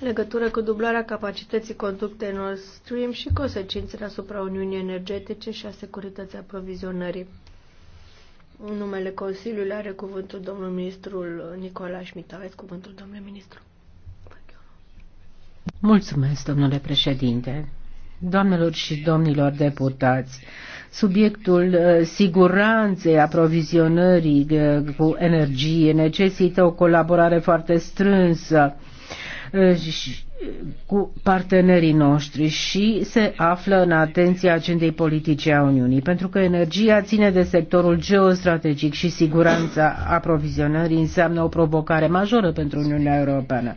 legătură cu dublarea capacității conductei Nord Stream și consecințele asupra Uniunii Energetice și a securității aprovizionării. În numele Consiliului are cuvântul domnul ministrul Nicola Schmidt. Aveți cuvântul, domnule ministru. Mulțumesc, domnule președinte. Doamnelor și domnilor deputați, subiectul uh, siguranței aprovizionării uh, cu energie necesită o colaborare foarte strânsă Eh, cu partenerii noștri și se află în atenția agendei politice a Uniunii, pentru că energia ține de sectorul geostrategic și siguranța aprovizionării înseamnă o provocare majoră pentru Uniunea Europeană.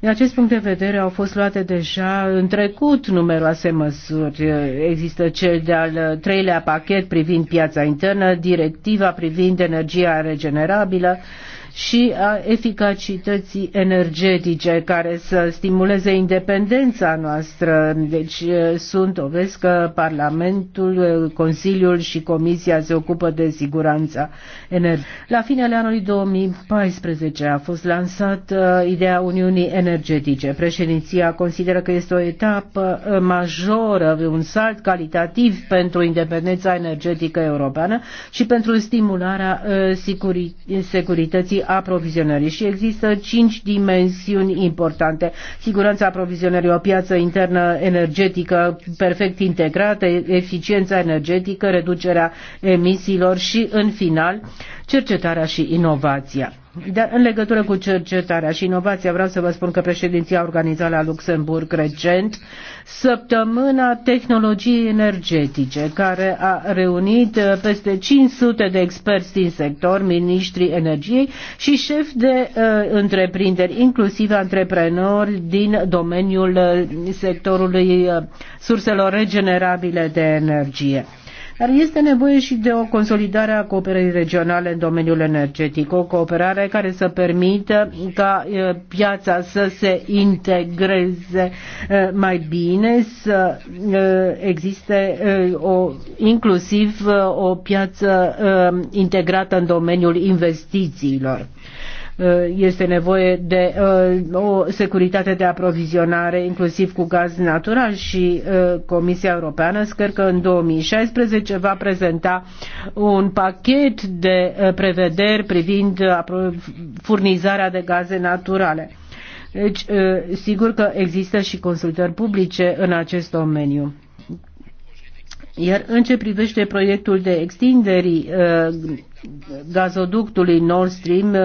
Din acest punct de vedere au fost luate deja în trecut numeroase măsuri. Există cel de-al treilea pachet privind piața internă, directiva privind energia regenerabilă, și a eficacității energetice care să stimuleze independența noastră. Deci sunt vezi că Parlamentul, Consiliul și Comisia se ocupă de siguranța energetică. La finele anului 2014 a fost lansată ideea Uniunii Energetice. Președinția consideră că este o etapă majoră, un salt calitativ pentru independența energetică europeană și pentru stimularea securității aprovizionării și există cinci dimensiuni importante. Siguranța aprovizionării, o piață internă energetică perfect integrată, eficiența energetică, reducerea emisiilor și, în final, cercetarea și inovația. De, da, în legătură cu cercetarea și inovația, vreau să vă spun că președinția organizată la Luxemburg recent Săptămâna Tehnologiei Energetice, care a reunit uh, peste 500 de experți din sector, ministrii energiei și șefi de uh, întreprinderi, inclusiv antreprenori din domeniul uh, sectorului uh, surselor regenerabile de energie. Dar este nevoie și de o consolidare a cooperării regionale în domeniul energetic, o cooperare care să permită ca piața să se integreze mai bine, să existe o, inclusiv o piață integrată în domeniul investițiilor. Eh, este nevoie de eh, o securitate de aprovizionare inclusiv cu gaz natural și eh, Comisia Europeană sper că în 2016 va prezenta un pachet de prevederi privind furnizarea de gaze naturale. Deci, sigur că există și consultări publice în acest domeniu. Iar în ce privește proiectul de extinderii gazoductului Nord Stream,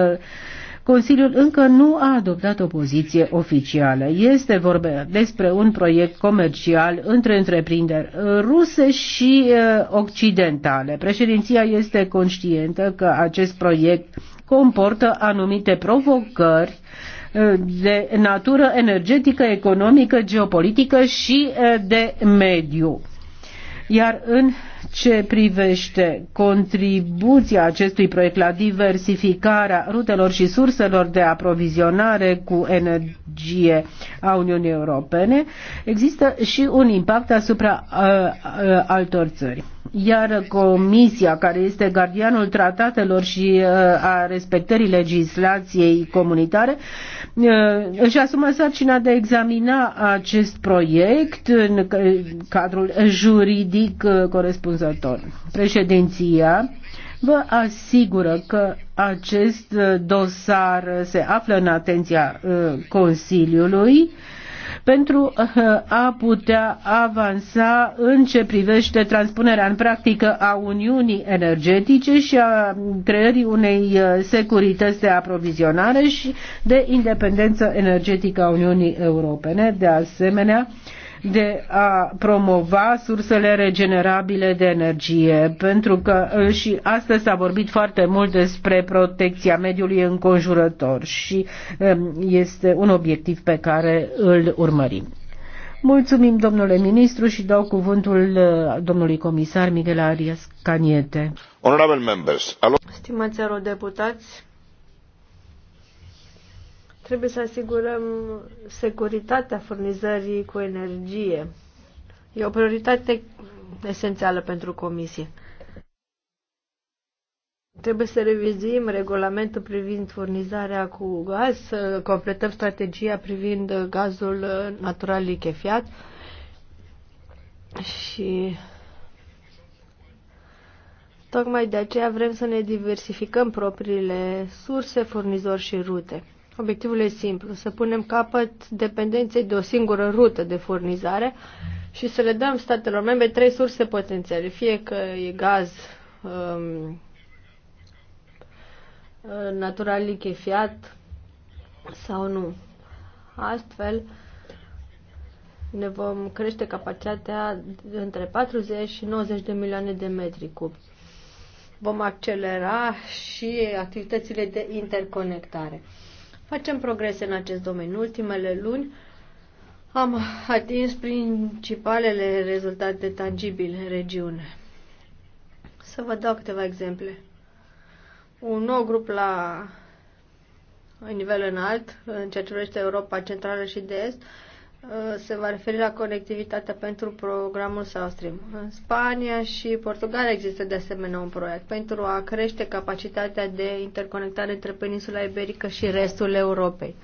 Consiliul încă nu a adoptat o poziție oficială. Este vorba despre un proiect comercial între întreprinderi ruse și uh, occidentale. Președinția este conștientă că acest proiect comportă anumite provocări uh, de natură energetică, economică, geopolitică și uh, de mediu. Iar în ce privește contribuția acestui proiect la diversificarea rutelor și surselor de aprovizionare cu energie a Uniunii Europene, există și un impact asupra uh, uh, altor țări iar Comisia, care este gardianul tratatelor și uh, a respectării legislației comunitare, uh, își asumă sarcina de a examina acest proiect în cadrul juridic uh, corespunzător. Președinția vă asigură că acest dosar se află în atenția Consiliului pentru uh, a putea avansa în ce privește transpunerea în practică a Uniunii Energetice și a creării unei uh, securități de aprovizionare și de independență energetică a Uniunii Europene. De asemenea, de a promova sursele regenerabile de energie, pentru că uh, și astăzi s-a vorbit foarte mult despre protecția mediului înconjurător și um, este un obiectiv pe care îl urmărim. Mulțumim, domnule ministru, și dau cuvântul uh, domnului comisar Miguel Arias Caniete. members, Stimați eurodeputați, Trebuie să asigurăm securitatea furnizării cu energie. E o prioritate esențială pentru Comisie. Trebuie să revizuim regulamentul privind furnizarea cu gaz, să completăm strategia privind gazul natural lichefiat și tocmai de aceea vrem să ne diversificăm propriile surse, furnizori și rute. Obiectivul e simplu, să punem capăt dependenței de o singură rută de furnizare și să le dăm statelor membre trei surse potențiale, fie că e gaz um, natural lichefiat sau nu. Astfel, ne vom crește capacitatea între 40 și 90 de milioane de metri cubi. Vom accelera și activitățile de interconectare. Facem progrese în acest domeniu. În ultimele luni am atins principalele rezultate tangibile în regiune. Să vă dau câteva exemple. Un nou grup la în nivel înalt, în ceea ce privește Europa Centrală și de Est, Uh, se va referi la conectivitatea pentru programul South Stream. În Spania și Portugalia există de asemenea un proiect pentru a crește capacitatea de interconectare între peninsula iberică și restul Europei.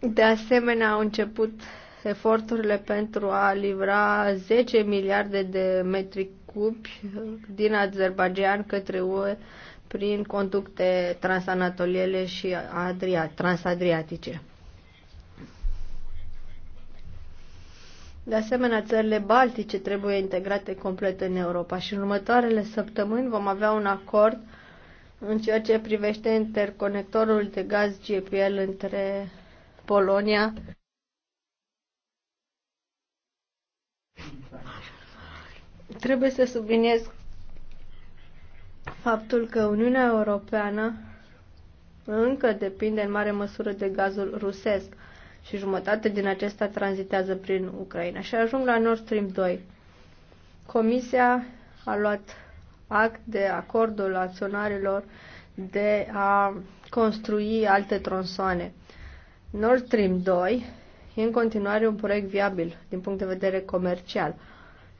De asemenea, au început eforturile pentru a livra 10 miliarde de metri cubi din Azerbaijan către UE prin conducte transanatoliele și adria- transadriatice. De asemenea, țările baltice trebuie integrate complet în Europa și în următoarele săptămâni vom avea un acord în ceea ce privește interconectorul de gaz GPL între Polonia Trebuie să subliniez faptul că Uniunea Europeană încă depinde în mare măsură de gazul rusesc și jumătate din acesta tranzitează prin Ucraina și ajung la Nord Stream 2. Comisia a luat act de acordul acționarilor de a construi alte tronsoane. Nord Stream 2 e în continuare un proiect viabil din punct de vedere comercial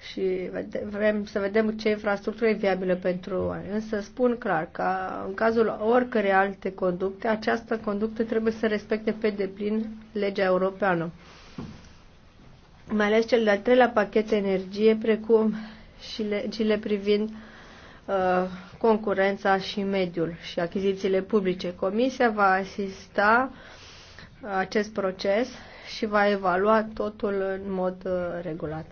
și vrem să vedem ce infrastructură e viabilă pentru oameni. Însă spun clar că în cazul oricărei alte conducte, această conductă trebuie să respecte pe deplin legea europeană. Mai ales cel de-al treilea pachet energie, precum și legile privind uh, concurența și mediul și achizițiile publice. Comisia va asista acest proces și va evalua totul în mod uh, regulat.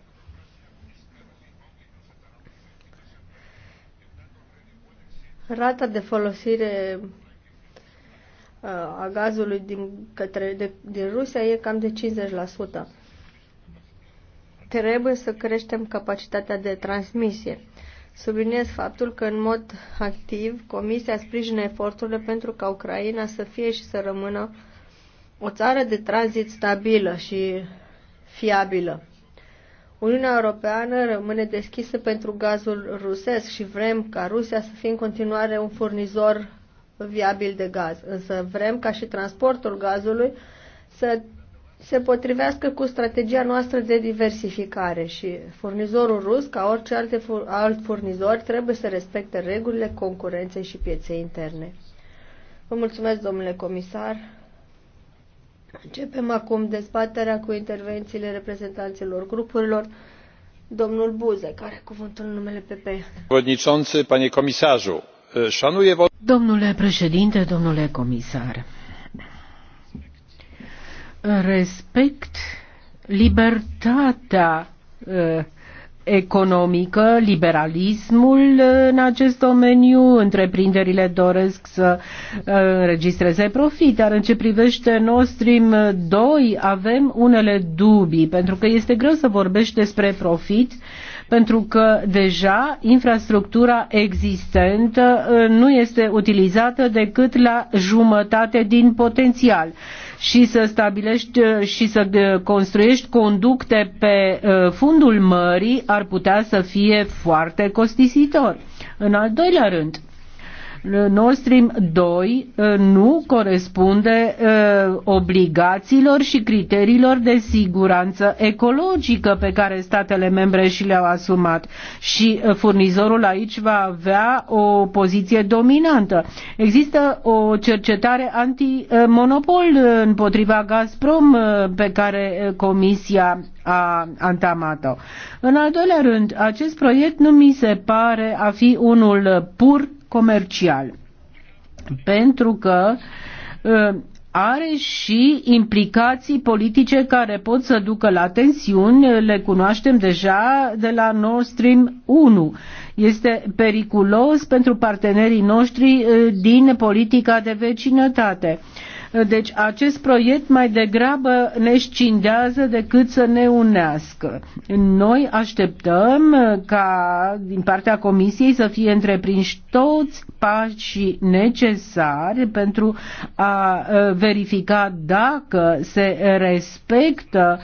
Rata de folosire uh, a gazului din, către, de, din Rusia e cam de 50%. Trebuie să creștem capacitatea de transmisie. Subliniez faptul că în mod activ Comisia sprijină eforturile pentru ca Ucraina să fie și să rămână o țară de tranzit stabilă și fiabilă. Uniunea Europeană rămâne deschisă pentru gazul rusesc și vrem ca Rusia să fie în continuare un furnizor viabil de gaz, însă vrem ca și transportul gazului să se potrivească cu strategia noastră de diversificare și furnizorul rus, ca orice alte alt furnizor, trebuie să respecte regulile concurenței și pieței interne. Vă mulțumesc, domnule comisar. Începem acum dezbaterea cu intervențiile reprezentanților grupurilor. Domnul Buze, care cuvântul în numele PP. Przewodniczący, panie komisarzu, szanuję... Domnule președinte, domnule comisar, respect libertatea economică, liberalismul în acest domeniu, întreprinderile doresc să uh, înregistreze profit, dar în ce privește Nord Stream 2 avem unele dubii, pentru că este greu să vorbești despre profit, pentru că deja infrastructura existentă uh, nu este utilizată decât la jumătate din potențial și să stabilești uh, și să uh, construiești conducte pe uh, fundul mării ar putea să fie foarte costisitor. În al doilea rând, Nord Stream 2 uh, nu corespunde uh, obligațiilor și criteriilor de siguranță ecologică pe care statele membre și le-au asumat și uh, furnizorul aici va avea o poziție dominantă. Există o cercetare antimonopol împotriva Gazprom pe care Comisia a antamat-o. În al doilea rând, acest proiect nu mi se pare a fi unul pur comercial. Pentru că ă, are și implicații politice care pot să ducă la tensiuni, le cunoaștem deja de la Nord Stream 1. Este periculos pentru partenerii noștri ă, din politica de vecinătate. Uh, deci acest proiect mai degrabă ne scindează decât să ne unească. Noi așteptăm ca din partea Comisiei să fie întreprinși toți pașii necesari pentru a verifica dacă se respectă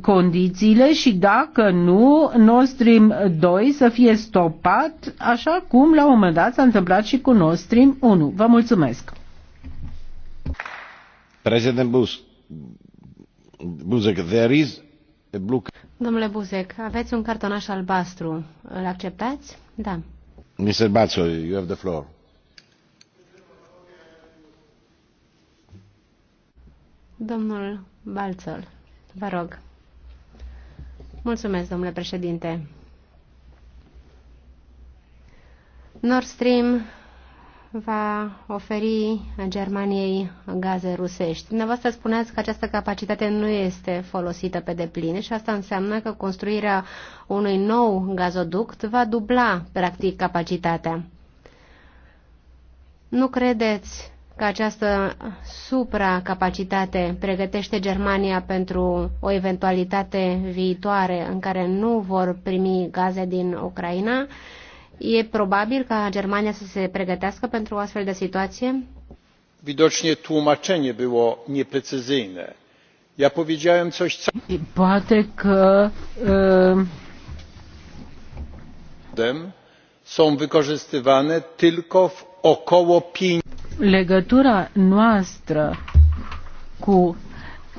condițiile și dacă nu, Nord Stream 2 să fie stopat, așa cum la un moment dat s-a întâmplat și cu Nord Stream 1. Vă mulțumesc! President Buzek, Buzek there is a blue... Domnule Buzek, aveți un cartonaș albastru. Îl acceptați? Da. Mr. Bazzo, you have the floor. Domnul Balțăl, vă rog. Mulțumesc, domnule președinte. Nord Stream va oferi Germaniei gaze rusești. Dumneavoastră spuneați că această capacitate nu este folosită pe deplin și asta înseamnă că construirea unui nou gazoduct va dubla, practic, capacitatea. Nu credeți că această supracapacitate pregătește Germania pentru o eventualitate viitoare în care nu vor primi gaze din Ucraina? E probabil ca Germania să se pregătească pentru o astfel de situație? Widocznie tłumaczenie było nieprecyzyjne. Ja powiedziałem coś co... Poate că... Uh... Są wykorzystywane tylko w około 5... Legătura noastră cu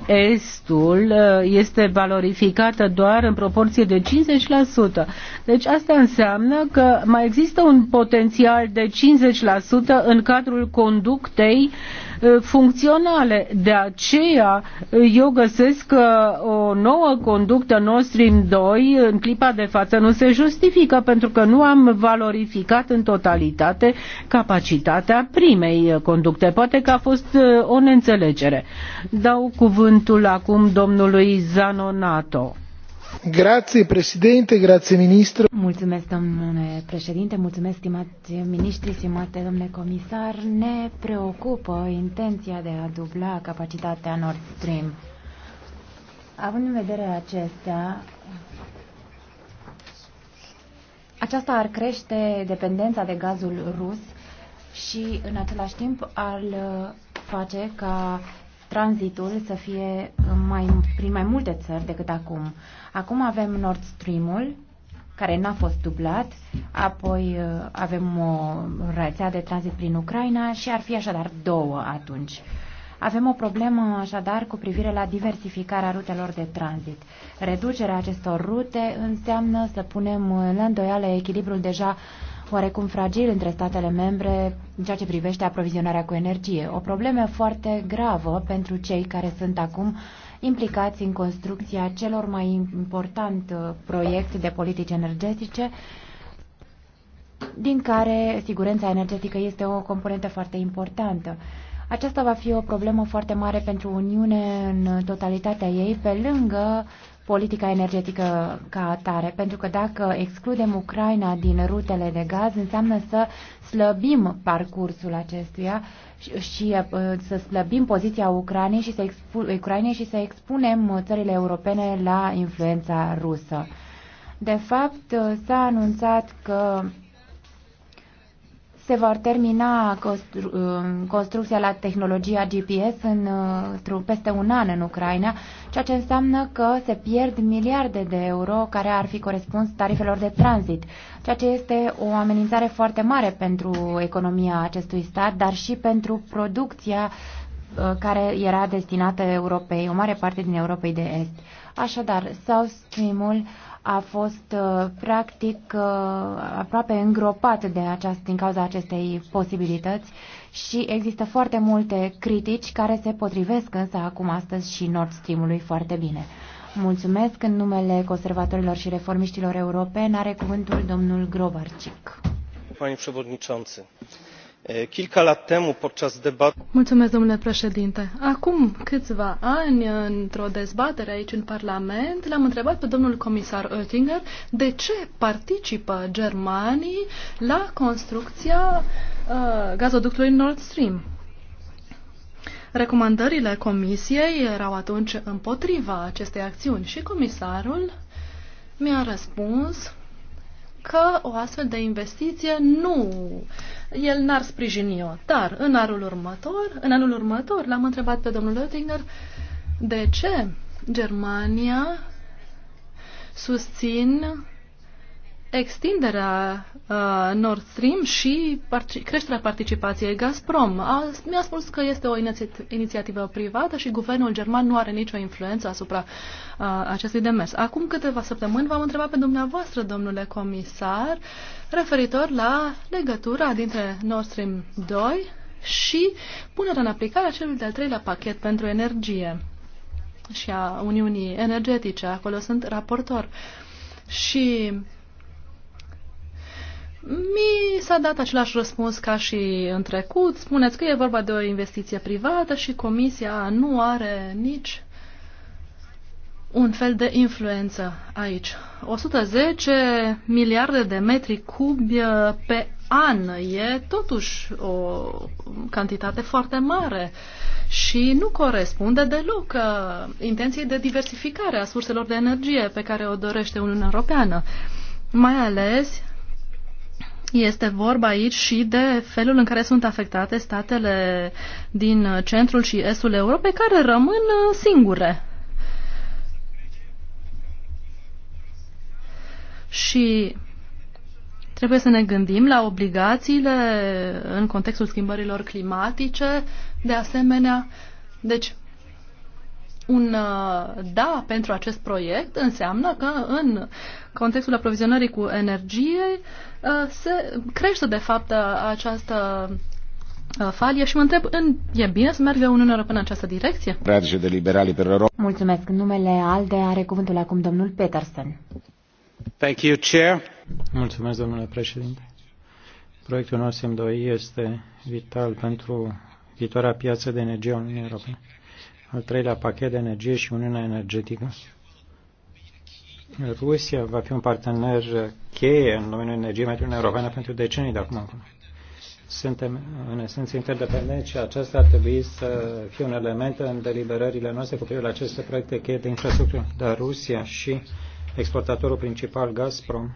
estul uh, este valorificată doar în proporție de 50%. Deci asta înseamnă că mai există un potențial de 50% în cadrul conductei uh, funcționale. De aceea eu găsesc că o nouă conductă Nord Stream 2 în clipa de față nu se justifică pentru că nu am valorificat în totalitate capacitatea primei conducte. Poate că a fost o neînțelegere. Dau cuvântul acum domnului Zanonato. Grazie, grazie, Mulțumesc, domnule președinte, mulțumesc, stimați miniștri, stimate domnule comisar. Ne preocupă intenția de a dubla capacitatea Nord Stream. Având în vedere acestea, aceasta ar crește dependența de gazul rus și, în același timp, ar face ca tranzitul să fie mai, prin mai multe țări decât acum. Acum avem Nord Stream-ul, care n-a fost dublat, apoi uh, avem o rețea de tranzit prin Ucraina și ar fi așadar două atunci. Avem o problemă așadar cu privire la diversificarea rutelor de tranzit. Reducerea acestor rute înseamnă să punem la îndoială echilibrul deja uh, oarecum fragil între statele membre în ceea ce privește aprovizionarea cu energie. O problemă foarte gravă pentru cei care sunt acum implicați în construcția celor mai important uh, proiect de politici energetice, din care siguranța energetică este o componentă foarte importantă. Aceasta va fi o problemă foarte mare pentru Uniune în totalitatea ei, pe lângă politica energetică ca atare, pentru că dacă excludem Ucraina din rutele de gaz, înseamnă să slăbim parcursul acestuia și, și să slăbim poziția Ucrainei și, să expu- Ucrainei și să expunem țările europene la influența rusă. De fapt, s-a anunțat că se vor termina constru- uh, construcția la tehnologia GPS în, uh, peste un an în Ucraina, ceea ce înseamnă că se pierd miliarde de euro care ar fi corespuns tarifelor de tranzit, ceea ce este o amenințare foarte mare pentru economia acestui stat, dar și pentru producția uh, care era destinată Europei, o mare parte din Europei de Est. Așadar, South Stream-ul a fost uh, practic uh, aproape îngropat de aceast, din cauza acestei posibilități și există foarte multe critici care se potrivesc însă acum astăzi și Nord Stream-ului foarte bine. Mulțumesc în numele conservatorilor și reformiștilor europeni. Are cuvântul domnul Grobarcic. Panie președinte, domnule președinte acum câțiva ani într o dezbatere aici în parlament l am întrebat pe domnul comisar oettinger de ce participă germanii la construcția uh, gazoductului nord stream. recomandările comisiei erau atunci împotriva acestei acțiuni și comisarul mi a răspuns că o astfel de investiție nu uh, el n-ar sprijini-o. Dar în anul următor, în anul următor l-am întrebat pe domnul Oettinger de ce Germania susțin extinderea uh, Nord Stream și part- creșterea participației Gazprom. A, mi-a spus că este o inițiativă privată și guvernul german nu are nicio influență asupra uh, acestui demers. Acum câteva săptămâni v-am întrebat pe dumneavoastră, domnule comisar, referitor la legătura dintre Nord Stream 2 și punerea în aplicare a celui de-al treilea pachet pentru energie și a Uniunii Energetice. Acolo sunt raportor. Și mi s-a dat același răspuns ca și în trecut. Spuneți că e vorba de o investiție privată și Comisia nu are nici un fel de influență aici. 110 miliarde de metri cubi uh, pe an e totuși o cantitate foarte mare și nu corespunde deloc uh, intenției de diversificare a surselor de energie pe care o dorește Uniunea Europeană. Mai ales este vorba aici și de felul în care sunt afectate statele din centrul și estul Europei care rămân uh, singure. Și trebuie să ne gândim la obligațiile în contextul schimbărilor climatice, de asemenea. Deci, un uh, da pentru acest proiect înseamnă că în contextul aprovizionării cu energie uh, se crește de fapt uh, această falie și mă întreb, în, e bine să meargă Uniunea Europeană în această direcție? Radice de liberali pe Europa. Mulțumesc. Numele ALDE are cuvântul acum domnul Peterson. Thank you, Chair. Mulțumesc, domnule președinte. Proiectul nostru M2 este vital pentru viitoarea piață de energie a Uniunii Europene al treilea pachet de energie și Uniunea Energetică. Rusia va fi un partener cheie în domeniul energiei pentru Uniunea Europeană pentru decenii de acum încolo. Suntem, în esență, interdependenți și acesta ar trebui să fie un element în deliberările noastre cu privire la aceste proiecte cheie de infrastructură. Dar Rusia și exportatorul principal Gazprom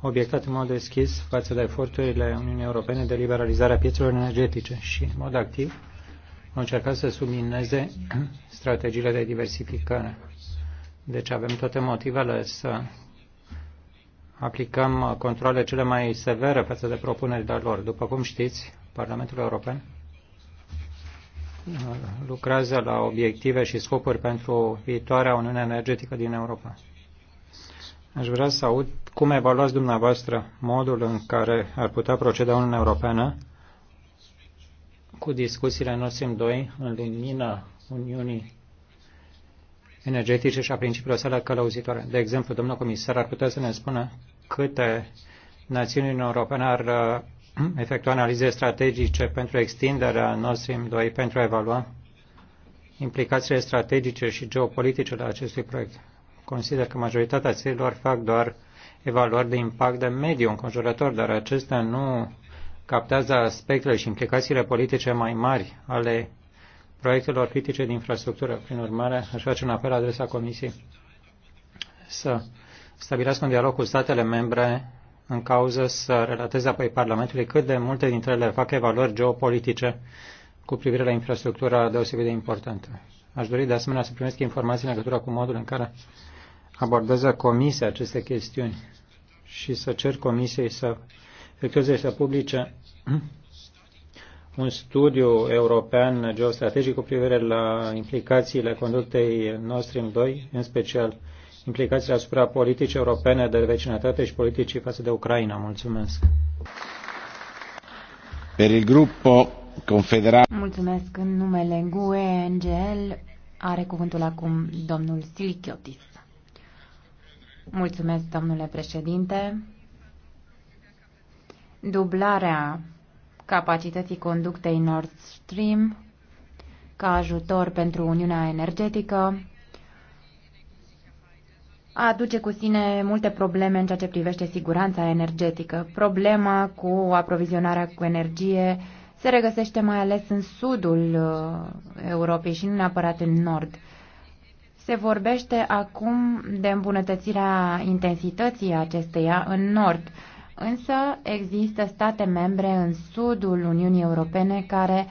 obiectat în mod deschis față de eforturile Uniunii Europene de liberalizare a piețelor energetice și, în mod activ, au încercat să submineze strategiile de diversificare. Deci avem toate motivele să aplicăm controle cele mai severe față de propunerile lor. După cum știți, Parlamentul European uh, lucrează la obiective și scopuri pentru viitoarea Uniune Energetică din Europa. Aș vrea să aud cum evaluați dumneavoastră modul în care ar putea proceda Uniunea Europeană cu discuțiile Nord Stream 2 în lumina Uniunii energetice și a principiilor sale călăuzitoare. De exemplu, domnul comisar ar putea să ne spună câte națiuni europene ar uh, efectua analize strategice pentru extinderea Nord Stream 2 pentru a evalua implicațiile strategice și geopolitice ale acestui proiect. Consider că majoritatea țărilor fac doar evaluări de impact de mediu înconjurător, dar acestea nu captează aspectele și implicațiile politice mai mari ale proiectelor critice de infrastructură. Prin urmare, aș face un apel la adresa Comisiei să stabilească un dialog cu statele membre în cauză să relateze apoi Parlamentului cât de multe dintre ele fac evaluări geopolitice cu privire la infrastructura deosebit de importantă. Aș dori de asemenea să primesc informații în legătură cu modul în care abordează Comisia aceste chestiuni și să cer Comisiei să resursele publice, un studiu european geostrategic cu privire la implicațiile conductei Nord Stream 2, în special implicațiile asupra politicii europene de vecinătate și politicii față de Ucraina. Mulțumesc. Per il gruppo confederal... Mulțumesc. În numele GUE NGL are cuvântul acum domnul Silichiotis. Mulțumesc, domnule președinte dublarea capacității conductei Nord Stream ca ajutor pentru Uniunea Energetică aduce cu sine multe probleme în ceea ce privește siguranța energetică. Problema cu aprovizionarea cu energie se regăsește mai ales în sudul uh, Europei și nu neapărat în nord. Se vorbește acum de îmbunătățirea intensității acesteia în nord Însă există state membre în sudul Uniunii Europene care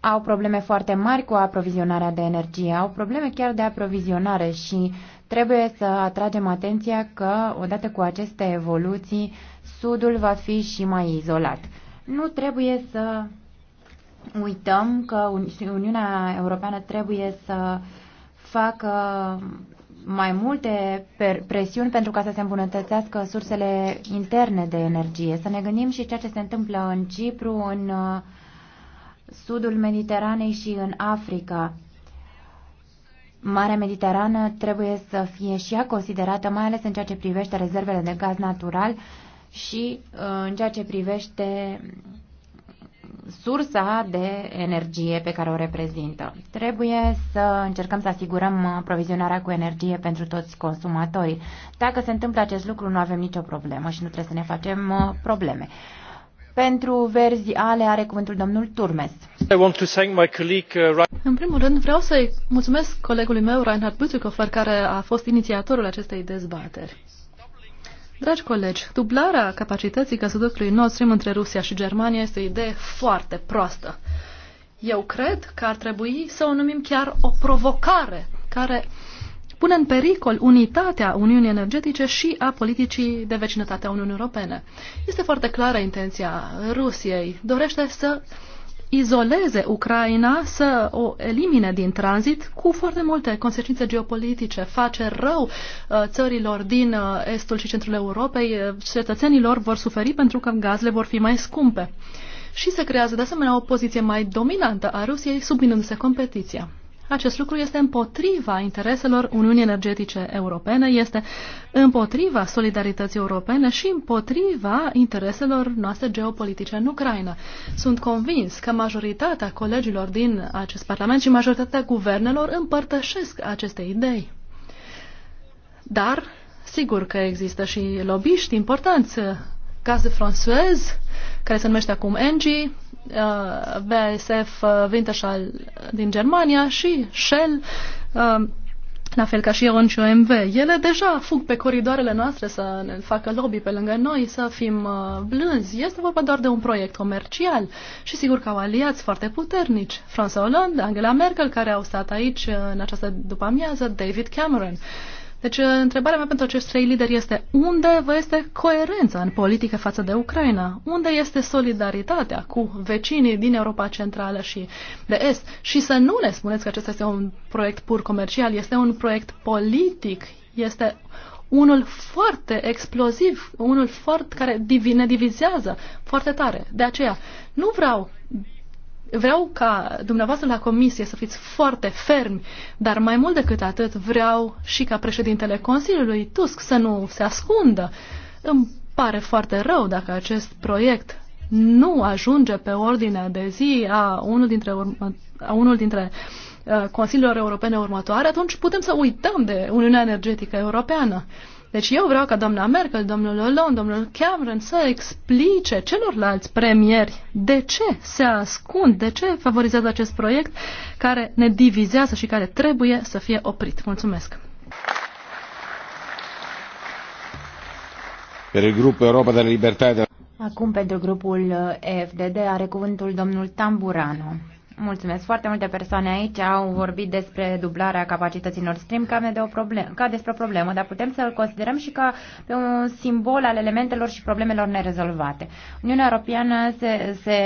au probleme foarte mari cu aprovizionarea de energie, au probleme chiar de aprovizionare și trebuie să atragem atenția că odată cu aceste evoluții sudul va fi și mai izolat. Nu trebuie să uităm că Uniunea Europeană trebuie să facă mai multe presiuni pentru ca să se îmbunătățească sursele interne de energie. Să ne gândim și ceea ce se întâmplă în Cipru, în uh, sudul Mediteranei și în Africa. Marea Mediterană trebuie să fie și ea considerată, mai ales în ceea ce privește rezervele de gaz natural și uh, în ceea ce privește sursa de energie pe care o reprezintă. Trebuie să încercăm să asigurăm provizionarea cu energie pentru toți consumatorii. Dacă se întâmplă acest lucru, nu avem nicio problemă și nu trebuie să ne facem uh, probleme. Pentru verzi ale are cuvântul domnul Turmes. Uh, În primul rând vreau să-i mulțumesc colegului meu, Reinhard Bütikofer, care a fost inițiatorul acestei dezbateri. Dragi colegi, dublarea capacității gazoductului Nord Stream între Rusia și Germania este o idee foarte proastă. Eu cred că ar trebui să o numim chiar o provocare care pune în pericol unitatea Uniunii Energetice și a politicii de vecinătate a Uniunii Europene. Este foarte clară intenția Rusiei. Dorește să izoleze Ucraina, să o elimine din tranzit cu foarte multe consecințe geopolitice. Face rău uh, țărilor din uh, estul și centrul Europei, uh, cetățenilor vor suferi pentru că gazele vor fi mai scumpe. Și se creează de asemenea o poziție mai dominantă a Rusiei, subminându-se competiția. Acest lucru este împotriva intereselor Uniunii Energetice Europene, este împotriva solidarității europene și împotriva intereselor noastre geopolitice în Ucraina. Sunt convins că majoritatea colegilor din acest Parlament și majoritatea guvernelor împărtășesc aceste idei. Dar, sigur că există și lobiști importanți. Caz de Françoise, care se numește acum Engie, Uh, BASF uh, Wintershall din Germania și Shell, uh, la fel ca și Ion și OMV. Ele deja fug pe coridoarele noastre să ne facă lobby pe lângă noi, să fim blânzi. Este vorba doar de un proiect comercial și sigur că au aliați foarte puternici. François Hollande, Angela Merkel, care au stat aici în această după-amiază, David Cameron. Uh, deci, uh, întrebarea mea pentru acești trei lideri este unde vă este coerența în politică față de Ucraina? Unde este solidaritatea cu vecinii din Europa Centrală și de Est? Și să nu ne spuneți că acesta este un proiect pur comercial, este un proiect politic, este unul foarte exploziv, unul foarte care ne divizează foarte tare. De aceea, nu vreau vreau ca dumneavoastră la comisie să fiți foarte fermi, dar mai mult decât atât vreau și ca președintele Consiliului Tusk să nu se ascundă. Îmi pare foarte rău dacă acest proiect nu ajunge pe ordinea de zi a unul dintre, urmă, a unul dintre uh, Consiliilor Europene următoare, atunci putem să uităm de Uniunea Energetică Europeană. Uh, deci eu vreau ca doamna Merkel, domnul Hollande, domnul Cameron să explice celorlalți premieri de ce se ascund, de ce favorizează acest proiect care ne divizează și care trebuie să fie oprit. Mulțumesc! grupul Europa de Libertate. Acum pentru grupul FDD are cuvântul domnul Tamburano. Mulțumesc. Foarte multe persoane aici au vorbit despre dublarea capacităților stream ca, de o problemă, ca despre o problemă, dar putem să-l considerăm și ca pe un simbol al elementelor și problemelor nerezolvate. Uniunea Europeană se, se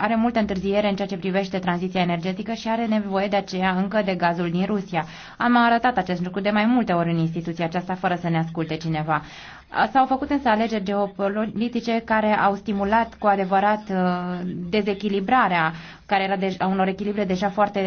are multă întârziere în ceea ce privește tranziția energetică și are nevoie de aceea încă de gazul din Rusia. Am arătat acest lucru de mai multe ori în instituția aceasta fără să ne asculte cineva. S-au făcut însă alegeri geopolitice care au stimulat cu adevărat uh, dezechilibrarea care era de, a unor echilibre deja foarte,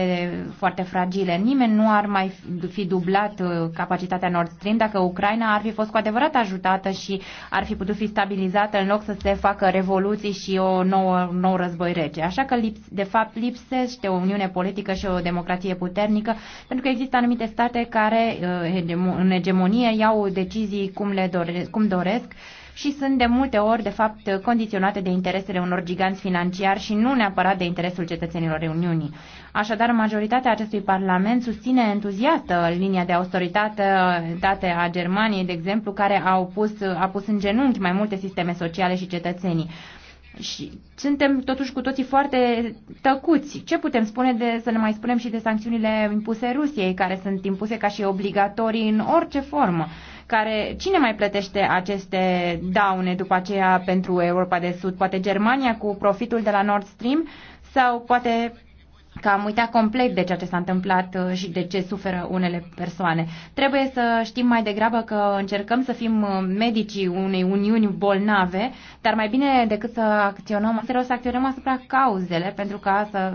foarte fragile. Nimeni nu ar mai fi dublat uh, capacitatea Nord Stream dacă Ucraina ar fi fost cu adevărat ajutată și ar fi putut fi stabilizată în loc să se facă revoluții și o nouă, nou război rece. Așa că, lips, de fapt, lipsește o uniune politică și o democrație puternică, pentru că există anumite state care uh, în hegemonie iau decizii cum le doresc cum doresc și sunt de multe ori, de fapt, condiționate de interesele unor giganți financiari și nu neapărat de interesul cetățenilor Uniunii. Așadar, majoritatea acestui Parlament susține entuziastă linia de austeritate date a Germaniei, de exemplu, care au pus, a pus în genunchi mai multe sisteme sociale și cetățenii. Și suntem totuși cu toții foarte tăcuți. Ce putem spune de, să ne mai spunem și de sancțiunile impuse Rusiei, care sunt impuse ca și obligatorii în orice formă? care cine mai plătește aceste daune după aceea pentru Europa de Sud? Poate Germania cu profitul de la Nord Stream sau poate că am uitat complet de ceea ce s-a întâmplat uh, și de ce suferă unele persoane. Trebuie să știm mai degrabă că încercăm să fim uh, medicii unei uniuni bolnave, dar mai bine decât să acționăm, trebuie să acționăm asupra cauzele pentru ca să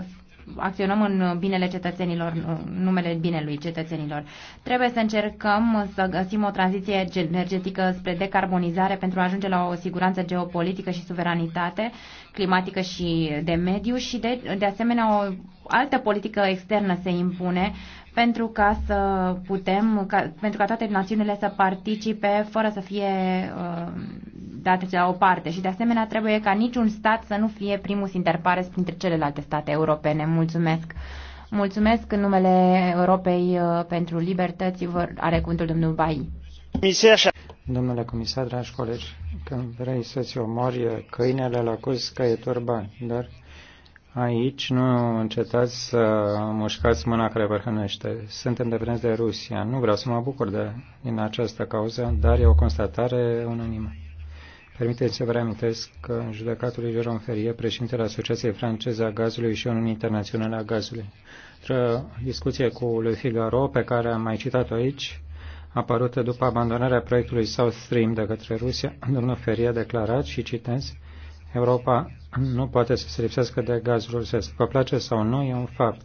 acționăm în binele cetățenilor, numele binelui cetățenilor. Trebuie să încercăm să găsim o tranziție energetică spre decarbonizare pentru a ajunge la o siguranță geopolitică și suveranitate climatică și de mediu și de, de asemenea o altă politică externă se impune pentru ca să putem, ca, pentru ca toate națiunile să participe fără să fie uh, stat la o parte și de asemenea trebuie ca niciun stat să nu fie primus inter pares printre celelalte state europene. Mulțumesc! Mulțumesc în numele Europei uh, pentru Libertăți, vă are cuvântul domnul Bai. Domnule comisar, dragi colegi, când vrei să-ți omori uh, câinele, la acuz că e turban, dar aici nu încetați să mușcați mâna care vă hrănește. Suntem dependenți de Rusia. Nu vreau să mă bucur de, din această cauză, dar e o constatare unanimă. Permiteți să vă reamintesc că în lui Jerome Ferie, președintele Asociației Franceze a Gazului și Uniunii Internaționale a Gazului, într-o discuție cu lui Figaro, pe care am mai citat-o aici, apărută după abandonarea proiectului South Stream de către Rusia, domnul Ferie a declarat și citez, Europa nu poate să se lipsească de gazul rusesc. Vă place sau nu, e un fapt.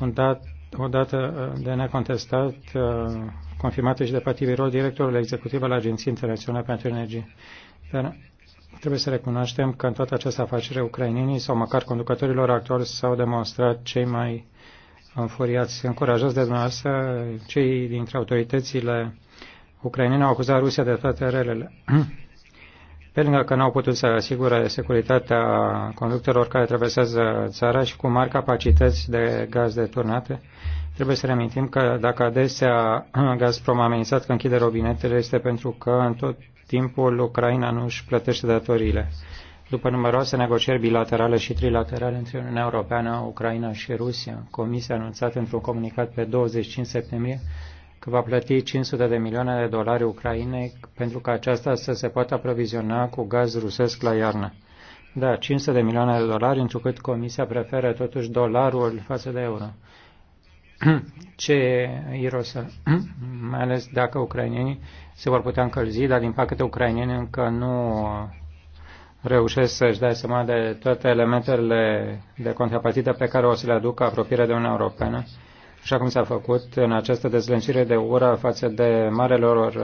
Un dat, o dată uh, de necontestat, uh, confirmată și de Pati directorul executiv al Agenției Internaționale pentru Energie. Dar trebuie să recunoaștem că în toată această afacere ucrainienii sau măcar conducătorilor actuali s-au demonstrat cei mai înfuriați, încurajați de dumneavoastră, cei dintre autoritățile ucrainene au acuzat Rusia de toate relele. Pe lângă că n-au putut să asigure securitatea conductelor care traversează țara și cu mari capacități de gaz turnate, trebuie să reamintim că dacă adesea Gazprom a amenințat că închide robinetele, este pentru că în tot timpul Ucraina nu își plătește datoriile. După numeroase negocieri bilaterale și trilaterale între Uniunea Europeană, Ucraina și Rusia, Comisia a anunțat într-un comunicat pe 25 septembrie că va plăti 500 de milioane de dolari Ucrainei pentru ca aceasta să se poată aproviziona cu gaz rusesc la iarnă. Da, 500 de milioane de dolari, întrucât Comisia preferă totuși dolarul față de euro. ce irosă, mai ales dacă ucrainienii se vor putea încălzi, dar din păcate ucrainienii încă nu reușesc să-și dea seama de toate elementele de contrapartidă pe care o să le aducă apropierea de Uniunea Europeană, așa cum s-a făcut în această dezlănțire de ură față de marelor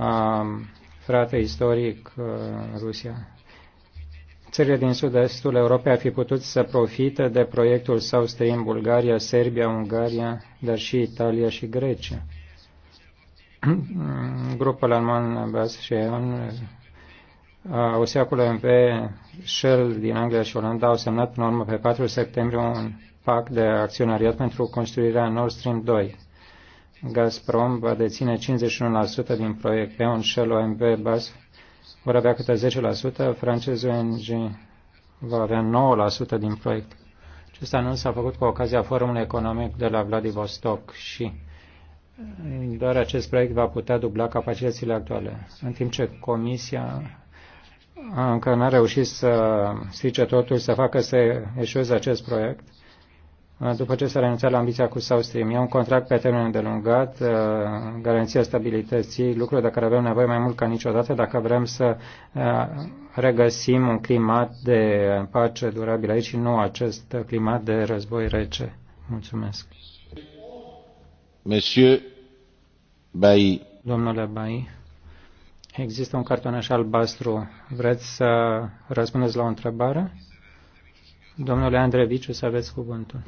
uh, uh, frate istoric uh, Rusia. Țările din sud-estul Europei ar fi putut să profite de proiectul sau în Bulgaria, Serbia, Ungaria, dar și Italia și Grecia. Grupul Alman Bas și Eon, Auseacul MP, Shell din Anglia și Olanda au semnat în urmă pe 4 septembrie un pact de acționariat pentru construirea Nord Stream 2. Gazprom va deține 51% din proiect. Eon Shell OMV BASF vor avea câte 10%, francezul ONG va avea 9% din proiect. Acest anunț s-a făcut cu ocazia Forumului Economic de la Vladivostok și doar acest proiect va putea dubla capacitățile actuale, în timp ce Comisia încă n-a reușit să strice totul, să facă să eșueze acest proiect după ce s-a renunțat la ambiția cu South Stream. E un contract pe termen îndelungat, uh, garanția stabilității, lucruri de care avem nevoie mai mult ca niciodată dacă vrem să uh, regăsim un climat de pace durabil aici și nu acest climat de război rece. Mulțumesc. Monsieur Bai. Domnule Bai, există un cartonaș albastru. Vreți să răspundeți la o întrebare? Domnule Andreviciu, să aveți cuvântul.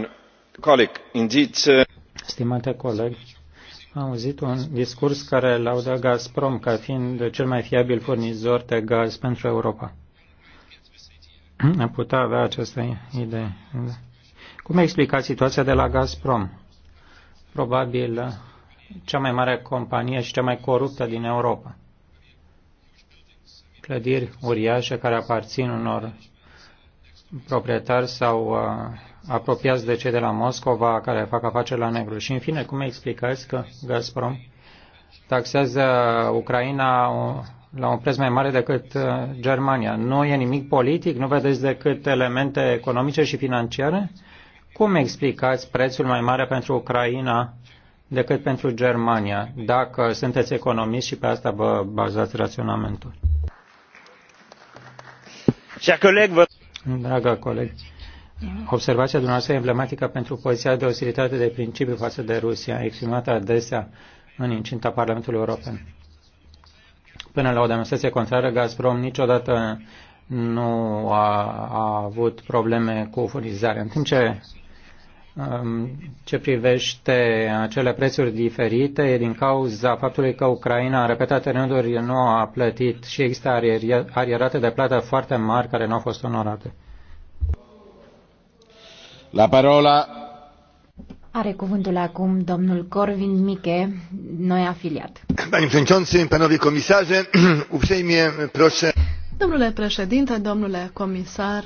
Uh, Stimate coleg, am auzit un discurs care lauda Gazprom ca fiind cel mai fiabil furnizor de gaz pentru Europa. Am putea avea această idee. Cum explicați situația de la Gazprom? Probabil uh, cea mai mare companie și cea mai coruptă din Europa. Clădiri uriașe care aparțin unor proprietari sau uh, apropiați de cei de la Moscova care fac afaceri la negru? Și în fine, cum explicați că Gazprom taxează Ucraina la un preț mai mare decât uh, Germania? Nu e nimic politic? Nu vedeți decât elemente economice și financiare? Cum explicați prețul mai mare pentru Ucraina decât pentru Germania, dacă sunteți economist și pe asta vă bazați raționamentul? Dragă colegi, Observația dumneavoastră emblematică pentru poziția de ostilitate de principiu față de Rusia, exprimată adesea în incinta Parlamentului European. Până la o demonstrație contrară, Gazprom niciodată nu a, a avut probleme cu furnizarea. În timp ce um, ce privește acele prețuri diferite e din cauza faptului că Ucraina în repetate rânduri nu a plătit și există arierate de plată foarte mari care nu au fost onorate. La parola. Are cuvântul acum domnul Corvin Miche, noi afiliat. Panie przewodniczący, panowie komisarze, uprzejmie proszę. Domnule președinte, domnule comisar,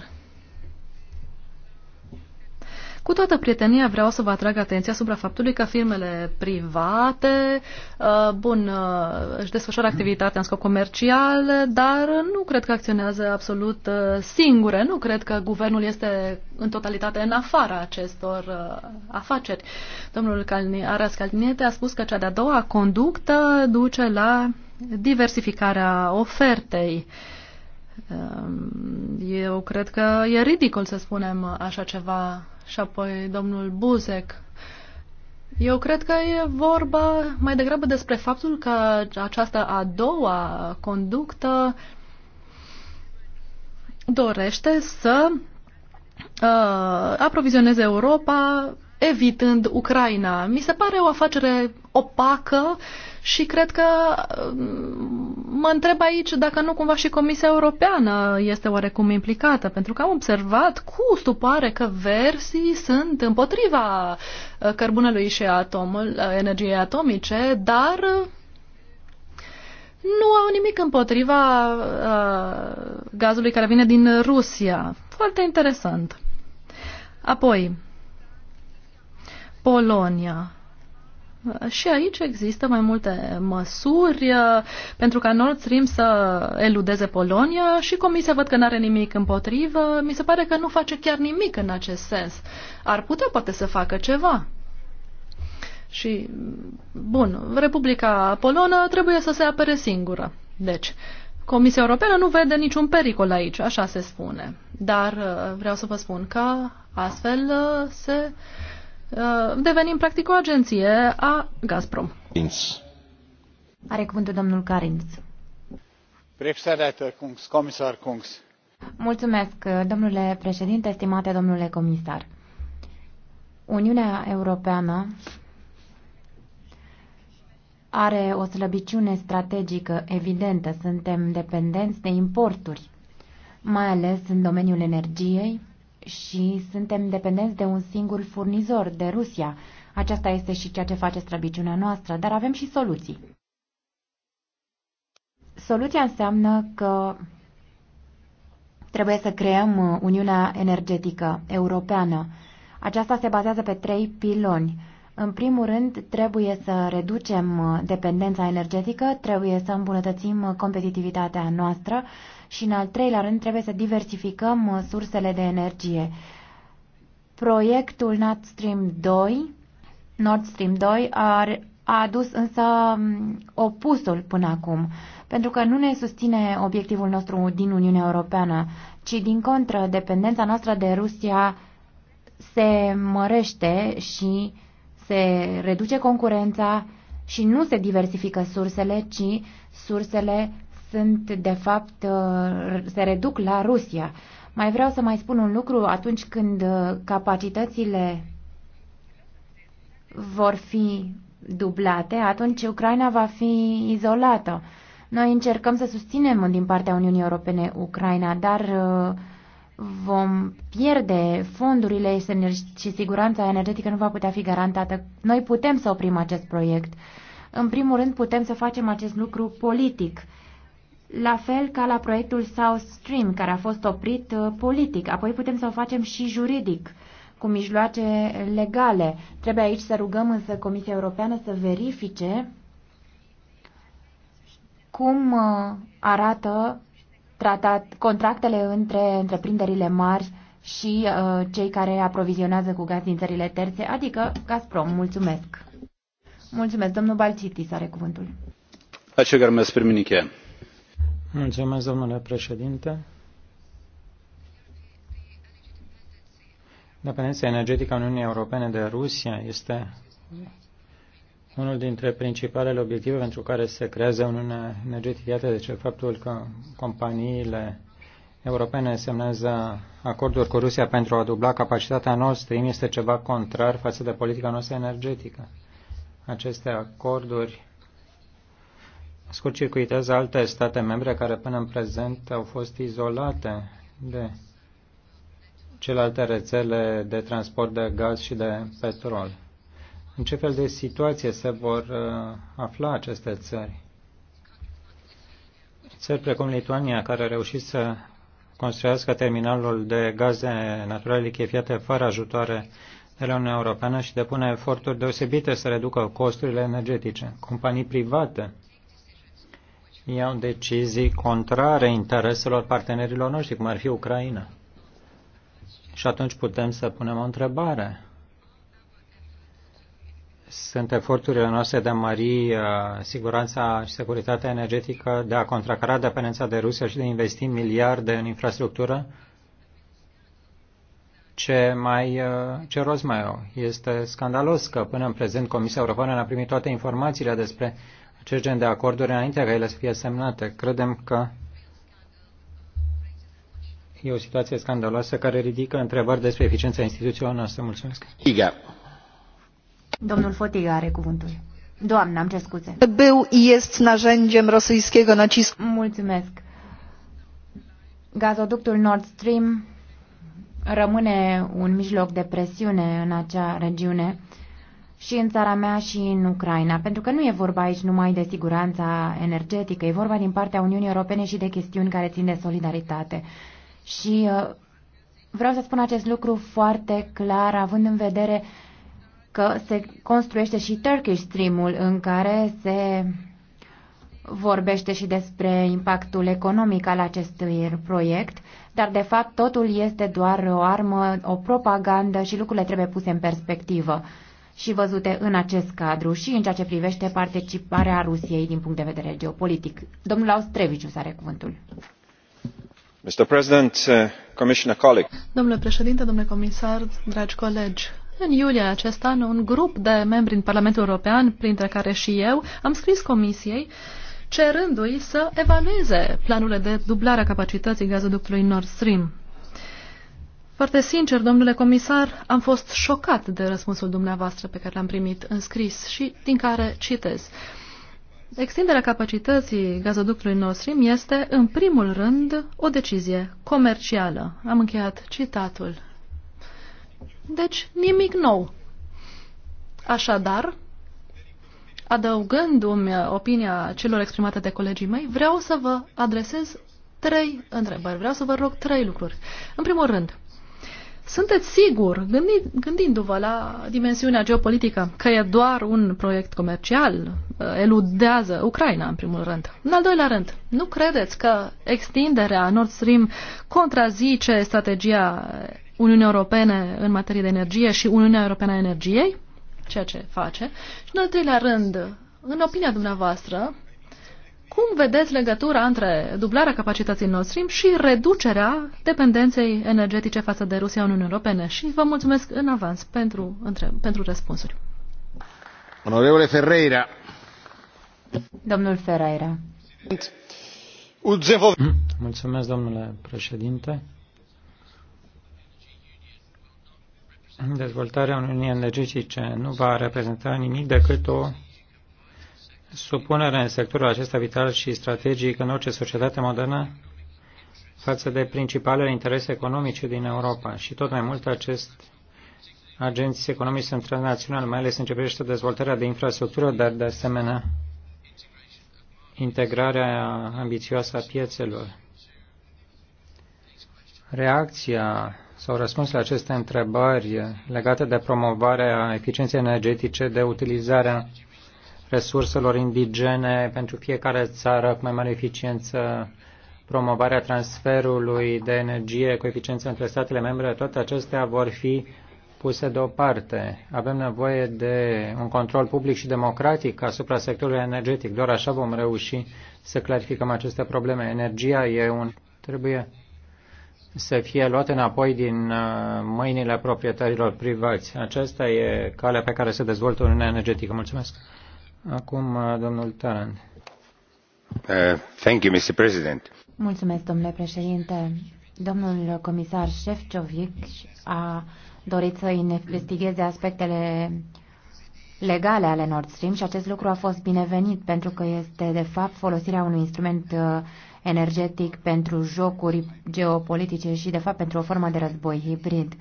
cu toată prietenia vreau să vă atrag atenția asupra faptului că firmele private, uh, bun, uh, își desfășoară activitatea în scop comercial, dar nu cred că acționează absolut uh, singure. Nu cred că guvernul este în totalitate în afara acestor afaceri. Domnul Calni, Aras Calniete a spus că cea de-a doua conductă duce la diversificarea ofertei. Um, eu cred că e ridicol să spunem așa ceva și apoi domnul Buzek. Eu cred că e vorba mai degrabă despre faptul că această a doua conductă dorește să uh, aprovizioneze Europa evitând Ucraina. Mi se pare o afacere opacă și cred că um, mă întreb aici dacă nu cumva și Comisia Europeană este oarecum implicată, pentru că am observat cu stupare că versii sunt împotriva uh, cărbunelui și atomul, uh, energiei atomice, dar uh, nu au nimic împotriva gazului care vine din Rusia. Foarte interesant. Apoi, Polonia. Și aici există mai multe măsuri uh, pentru ca Nord Stream să eludeze Polonia și Comisia văd că nu are nimic împotrivă. Mi se pare că nu face chiar nimic în acest sens. Ar putea poate să facă ceva. Și, bun, Republica Polonă trebuie să se apere singură. Deci, Comisia Europeană nu vede niciun pericol aici, așa se spune. Dar uh, vreau să vă spun că astfel uh, se Uh, devenim practic o agenție a Gazprom. Ins. Are cuvântul domnul Carinț. comisar Kungs. Mulțumesc, domnule președinte, estimate domnule comisar. Uniunea Europeană are o slăbiciune strategică evidentă. Suntem dependenți de importuri, mai ales în domeniul energiei, și suntem dependenți de un singur furnizor, de Rusia. Aceasta este și ceea ce face străbiciunea noastră, dar avem și soluții. Soluția înseamnă că trebuie să creăm uh, Uniunea Energetică Europeană. Aceasta se bazează pe trei piloni în primul rând, trebuie să reducem uh, dependența energetică, trebuie să îmbunătățim uh, competitivitatea noastră și, în al treilea rând, trebuie să diversificăm uh, sursele de energie. Proiectul Nord Stream 2, Nord Stream 2 a, a adus însă um, opusul până acum, pentru că nu ne susține obiectivul nostru din Uniunea Europeană, ci din contră, dependența noastră de Rusia se mărește și uh, se reduce concurența și nu se diversifică sursele, ci sursele sunt, de fapt, uh, se reduc la Rusia. Mai vreau să mai spun un lucru atunci când uh, capacitățile vor fi dublate, atunci Ucraina va fi izolată. Noi încercăm să susținem din partea Uniunii Europene Ucraina, dar uh, vom pierde fondurile și siguranța energetică nu va putea fi garantată. Noi putem să oprim acest proiect. În primul rând, putem să facem acest lucru politic. La fel ca la proiectul South Stream, care a fost oprit uh, politic. Apoi putem să o facem și juridic, cu mijloace legale. Trebuie aici să rugăm însă Comisia Europeană să verifice cum uh, arată tratat, contractele între întreprinderile mari și uh, cei care aprovizionează cu gaz din țările terțe, adică Gazprom. Mulțumesc! Mulțumesc, domnul să are cuvântul. Ačiū, gerbiamas pirmininkė. Mulțumesc, domnule președinte. Dependența energetică a Uniunii Europene de Rusia este unul dintre principalele obiective pentru care se creează Uniunea Energetică, iată de ce faptul că companiile europene semnează acorduri cu Rusia pentru a dubla capacitatea noastră, este ceva contrar față de politica noastră energetică. Aceste acorduri scurcircuitează alte state membre care până în prezent au fost izolate de celelalte rețele de transport de gaz și de petrol în ce fel de situație se vor uh, afla aceste țări. Țări precum Lituania, care a reușit să construiască terminalul de gaze naturale lichefiate fără ajutoare de la Uniunea Europeană și depune eforturi deosebite să reducă costurile energetice. Companii private iau decizii contrare intereselor partenerilor noștri, cum ar fi Ucraina. Și atunci putem să punem o întrebare sunt eforturile noastre de a mări uh, siguranța și securitatea energetică, de a contracara dependența de Rusia și de a investi miliarde în infrastructură. Ce, mai, uh, ce roz mai au? Este scandalos că până în prezent Comisia Europeană n-a primit toate informațiile despre acest gen de acorduri înainte ca ele să fie semnate. Credem că e o situație scandaloasă care ridică întrebări despre eficiența instituțională. Să mulțumesc. Iga. Domnul Fotiga are cuvântul. Doamna, am ce scuze. Był i jest narzędziem rosyjskiego nacisku. Mulțumesc. Gazoductul Nord Stream rămâne un mijloc de presiune în acea regiune și în țara mea și în Ucraina, pentru că nu e vorba aici numai de siguranța energetică, e vorba din partea Uniunii Europene și de chestiuni care țin de solidaritate. Și uh, vreau să spun acest lucru foarte clar, având în vedere uh, că se construiește și Turkish Stream-ul în care se vorbește și despre impactul economic al acestui proiect, dar de fapt totul este doar o armă, o propagandă și lucrurile trebuie puse în perspectivă și văzute în acest cadru și în ceea ce privește participarea Rusiei din punct de vedere geopolitic. Domnul Austreviciu are cuvântul. Mr. President, uh, Commissioner, colleague. Domnule președinte, domnule comisar, dragi colegi, în iulie acest an, un grup de membri în Parlamentul European, printre care și eu, am scris Comisiei cerându-i să evalueze planurile de dublare a capacității gazoductului Nord Stream. Foarte sincer, domnule comisar, am fost șocat de răspunsul dumneavoastră pe care l-am primit în scris și din care citez. Extinderea capacității gazoductului Nord Stream este, în primul rând, o decizie comercială. Am încheiat citatul. Deci nimic nou. Așadar, adăugându-mi opinia celor exprimate de colegii mei, vreau să vă adresez trei întrebări. Vreau să vă rog trei lucruri. În primul rând, sunteți sigur, gândindu-vă la dimensiunea geopolitică, că e doar un proiect comercial, uh, eludează Ucraina, în primul rând. În al doilea rând, nu credeți că extinderea Nord Stream contrazice strategia Uniunea Europene în materie de energie și Uniunea Europeană a Energiei, ceea ce face. Și în al treilea rând, în opinia dumneavoastră, cum vedeți legătura între dublarea capacității Nord Stream și reducerea dependenței energetice față de Rusia în Uniunea Europene? Și vă mulțumesc în avans pentru, între, pentru răspunsuri. Onorevole Ferreira. Domnul Ferreira. Mulțumesc, domnule președinte. dezvoltarea Uniunii Energetice nu va reprezenta nimic decât o supunere în sectorul acesta vital și strategic în orice societate modernă față de principalele interese economice din Europa. Și tot mai mult acest agenți economici transnaționali, mai ales începește dezvoltarea de infrastructură, dar de asemenea integrarea ambițioasă a piețelor. Reacția s-au răspuns la aceste întrebări legate de promovarea eficienței energetice, de utilizarea resurselor indigene pentru fiecare țară cu mai mare eficiență, promovarea transferului de energie cu eficiență între statele membre, toate acestea vor fi puse deoparte. Avem nevoie de un control public și democratic asupra sectorului energetic. Doar așa vom reuși să clarificăm aceste probleme. Energia e un... trebuie să fie luate înapoi din uh, mâinile proprietarilor privați. Aceasta e calea pe care se dezvoltă Uniunea Energetică. Mulțumesc. Acum, uh, domnul Tarand. Uh, thank you, Mr. President. Mulțumesc, domnule președinte. Domnul comisar Șefciovic a dorit să investigheze aspectele legale ale Nord Stream și acest lucru a fost binevenit pentru că este, de fapt, folosirea unui instrument uh, energetic pentru jocuri geopolitice și, de fapt, pentru o formă de război hibrid.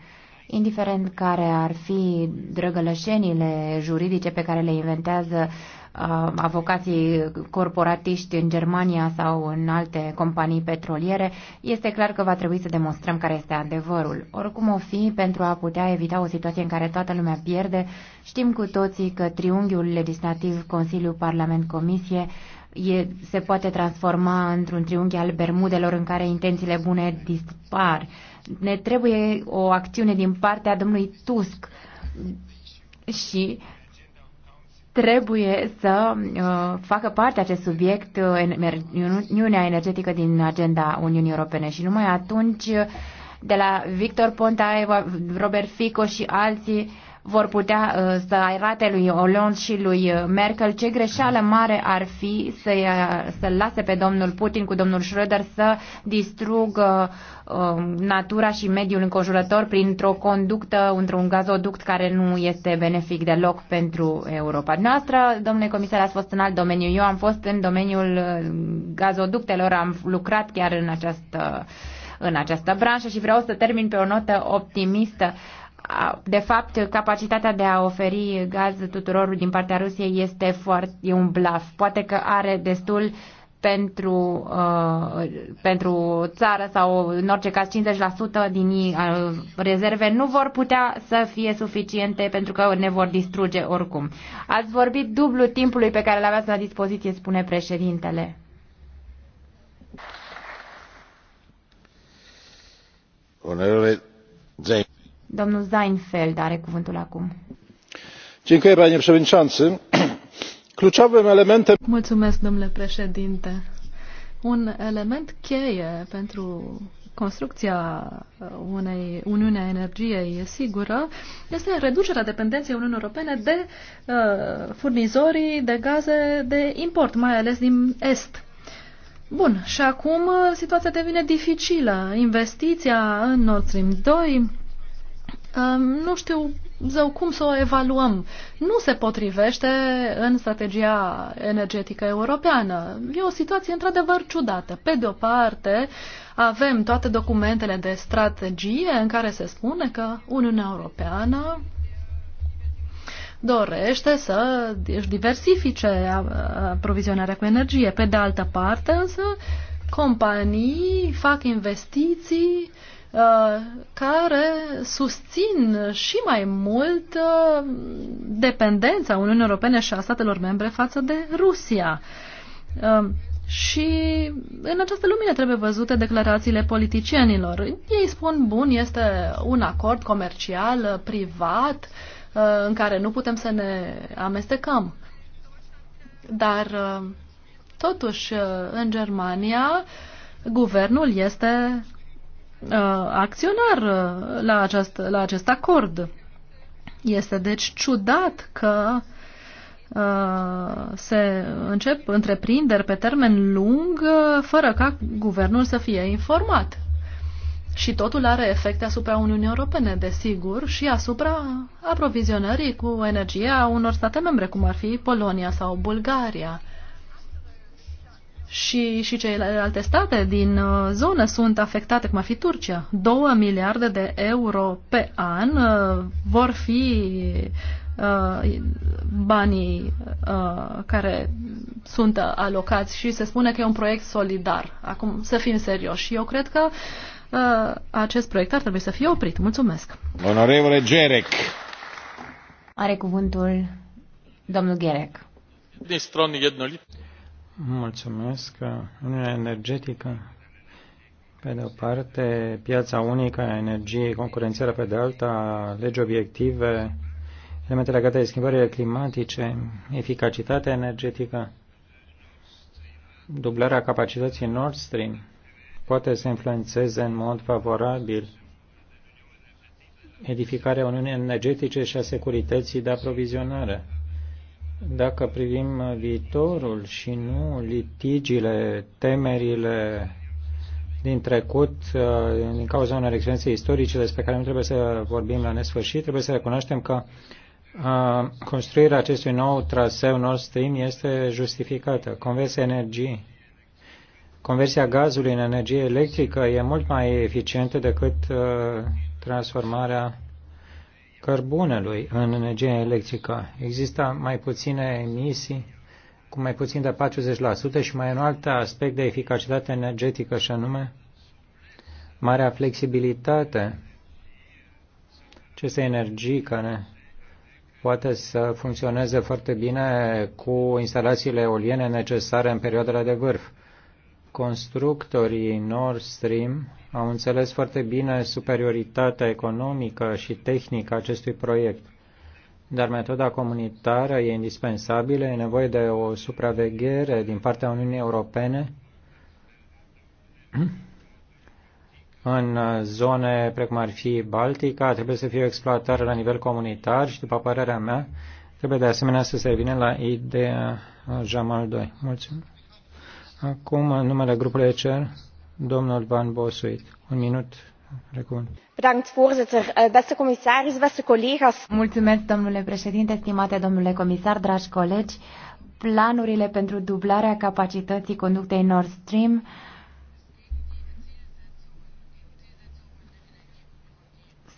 Indiferent care ar fi drăgălășenile juridice pe care le inventează uh, avocații corporatiști în Germania sau în alte companii petroliere, este clar că va trebui să demonstrăm care este adevărul. Oricum o fi, pentru a putea evita o situație în care toată lumea pierde, știm cu toții că triunghiul legislativ Consiliu-Parlament-Comisie e, se poate transforma într-un triunghi al bermudelor în care intențiile bune dispar. Ne trebuie o acțiune din partea domnului Tusk și trebuie să uh, facă parte acest subiect uh, Uniunea Energetică din agenda Uniunii Europene și numai atunci de la Victor Ponta, Robert Fico și alții vor putea uh, să arate lui Hollande și lui uh, Merkel ce greșeală mare ar fi să, să lase pe domnul Putin cu domnul Schröder să distrugă um, natura și mediul înconjurător printr-o conductă, într-un gazoduct care nu este benefic deloc pentru Europa noastră. Domnule comisar, ați fost în alt domeniu. Eu am fost în domeniul uh, gazoductelor, am lucrat chiar în această, în această branșă și vreau să termin pe o notă optimistă. Uh, de fapt, capacitatea de a oferi gaz tuturor din partea Rusiei este foarte, e un blaf. Poate că are destul pentru, uh, pentru țară sau în orice caz 50% din uh, rezerve nu vor putea să fie suficiente pentru că ne vor distruge oricum. Ați vorbit dublu timpului pe care l-aveați la dispoziție, spune președintele. Onorele Zeng. Domnul Seinfeld are cuvântul acum. Dziękuję, panie przewodniczący. Kluczowym elementem... Mulțumesc, domnule președinte. Un element cheie pentru construcția uh, unei Uniune a Energiei sigură este reducerea dependenței Uniunii Europene de uh, furnizorii de gaze de import, mai ales din Est. Bun, și acum uh, situația devine dificilă. Investiția în Nord Stream 2 nu știu zău cum să o evaluăm. Nu se potrivește în strategia energetică europeană. E o situație într-adevăr ciudată. Pe de o parte, avem toate documentele de strategie în care se spune că Uniunea Europeană dorește să își diversifice aprovizionarea cu energie. Pe de altă parte, însă, companii fac investiții uh, Uh, care susțin și mai mult uh, dependența Uniunii Europene și a statelor membre față de Rusia. Uh, și în această lumină trebuie văzute declarațiile politicienilor. Ei spun, bun, este un acord comercial, privat, în care nu putem să ne amestecăm. Dar, totuși, în Germania, guvernul este Uh, acționar uh, la acest, la acest acord. Este deci ciudat că uh, se încep întreprinderi pe termen lung fără ca guvernul să fie informat. Și totul are efecte asupra Uniunii Europene, desigur, și asupra aprovizionării cu energie a unor state membre, cum ar fi Polonia sau Bulgaria și, și celelalte state din uh, zonă sunt afectate, cum ar fi Turcia. 2 miliarde de euro pe an uh, vor fi uh, banii care sunt alocați și se spune că e un proiect solidar. Acum, să fim serioși. Eu cred că acest proiect ar trebui să fie oprit. Mulțumesc. Onorevole Gerec. Are cuvântul domnul Gerec. Din stron jednolit Mulțumesc. Uniunea energetică, pe de o parte, piața unică a energiei concurențială, pe de alta, legi obiective, elemente legate de schimbările climatice, eficacitatea energetică, dublarea capacității Nord Stream poate să influențeze în mod favorabil edificarea Uniunii Energetice și a securității de aprovizionare. Dacă privim viitorul și nu litigiile, temerile din trecut, uh, din cauza unor experiențe istorice despre care nu trebuie să vorbim la nesfârșit, trebuie să recunoaștem că uh, construirea acestui nou traseu Nord Stream este justificată. Conversia energiei. Conversia gazului în energie electrică e mult mai eficientă decât uh, transformarea cărbunelui în energia electrică. Există mai puține emisii, cu mai puțin de 40% și mai un alt aspect de eficacitate energetică și anume marea flexibilitate aceste energii care poate să funcționeze foarte bine cu instalațiile eoliene necesare în perioadele de vârf constructorii Nord Stream au înțeles foarte bine superioritatea economică și tehnică a acestui proiect. Dar metoda comunitară e indispensabilă, e nevoie de o supraveghere din partea Uniunii Europene în zone precum ar fi Baltica, trebuie să fie o exploatare la nivel comunitar și, după părerea mea, trebuie de asemenea să se revină la ideea Jamal 2. Mulțumesc! Acum, în numele grupului ECR, domnul Van Bosuit. Un minut. Eh, collega's. Mulțumesc, domnule președinte, stimate domnule comisar, dragi colegi. Planurile pentru dublarea capacității conductei Nord Stream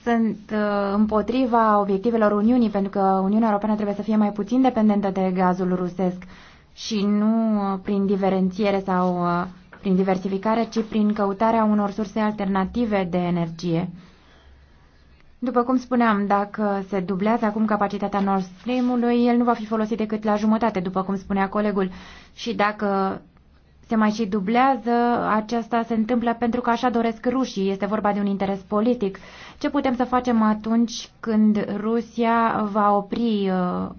sunt eh, împotriva obiectivelor Uniunii, pentru că Uniunea Europeană trebuie să fie mai puțin dependentă de gazul rusesc și nu uh, prin diferențiere sau uh, prin diversificare, ci prin căutarea unor surse alternative de energie. După cum spuneam, dacă se dublează acum capacitatea Nord Stream-ului, el nu va fi folosit decât la jumătate, după cum spunea colegul. Și dacă se mai și dublează, aceasta se întâmplă pentru că așa doresc rușii, este vorba de un interes politic. Ce putem să facem atunci când Rusia va opri uh,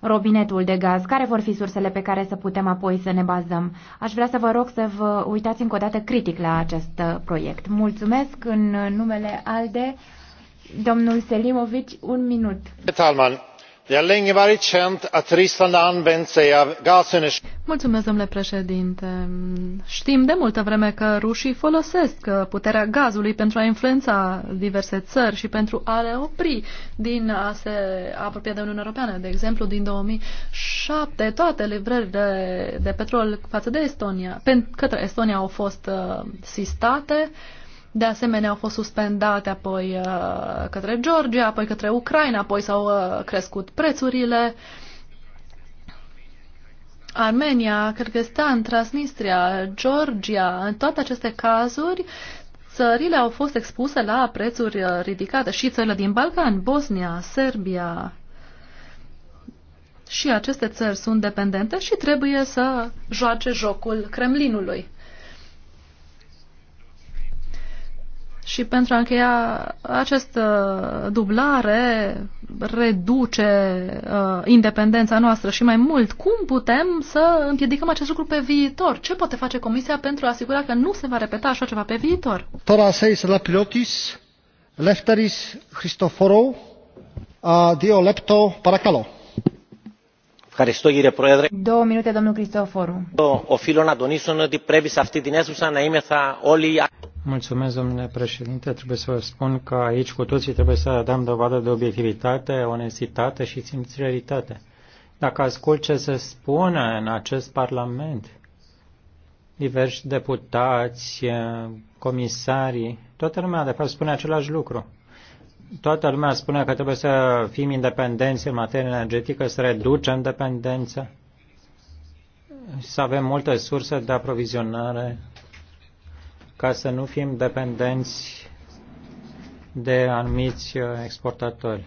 robinetul de gaz, care vor fi sursele pe care să putem apoi să ne bazăm. Aș vrea să vă rog să vă uitați încă o dată critic la acest uh, proiect. Mulțumesc în uh, numele ALDE, domnul Selimovici, un minut domnule președinte știm de multă vreme că rușii folosesc puterea gazului pentru a influența diverse țări și pentru a le opri din a se apropia de Uniunea Europeană. De exemplu, din 2007 toate livrările de petrol față de Estonia, către Estonia au fost uh, sistate și de asemenea au fost suspendate apoi uh, către Georgia, apoi către Ucraina, apoi s-au uh, crescut prețurile. Armenia, Kyrgyzstan, Transnistria, Georgia, în toate aceste cazuri, țările au fost expuse la prețuri uh, ridicate și țările din Balcan, Bosnia, Serbia. Și aceste țări sunt dependente și trebuie să joace jocul Kremlinului. Și pentru a încheia această dublare reduce uh, independența noastră și mai mult. Cum putem să împiedicăm acest lucru pe viitor? Ce poate face Comisia pentru a asigura că nu se va repeta așa ceva pe viitor? Τώρα seis la pilotis, Lefteris Christoforou, a dio lepto paracalo. Două minute, domnul Cristoforu. O να τονίσω ότι previs afti din την αίθουσα να Mulțumesc, domnule președinte. Trebuie să vă spun că aici cu toții trebuie să dăm dovadă de obiectivitate, onestitate și sinceritate. Dacă ascult ce se spune în acest Parlament, diversi deputați, comisarii, toată lumea de fapt spune același lucru. Toată lumea spune că trebuie să fim independenți în materie energetică, să reducem dependența, să avem multe surse de aprovizionare ca să nu fim dependenți de anumiți uh, exportatori.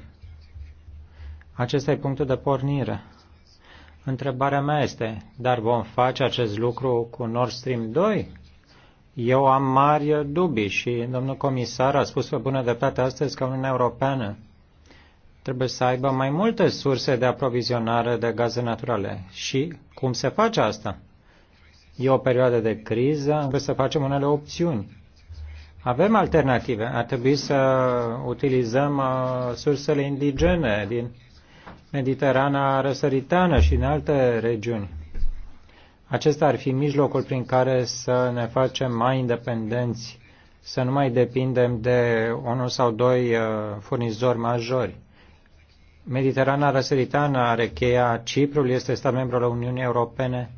Acesta e punctul de pornire. Întrebarea mea este, dar vom face acest lucru cu Nord Stream 2? Eu am mari dubii și domnul comisar a spus pe bună dreptate astăzi că Uniunea Europeană trebuie să aibă mai multe surse de aprovizionare de gaze naturale. Și cum se face asta? E o perioadă de criză, trebuie să facem unele opțiuni. Avem alternative. Ar trebui să utilizăm uh, sursele indigene din Mediterana răsăritană și în alte regiuni. Acesta ar fi mijlocul prin care să ne facem mai independenți, să nu mai depindem de unul sau doi uh, furnizori majori. Mediterana răsăritană are cheia, Ciprul este stat membru al Uniunii Europene,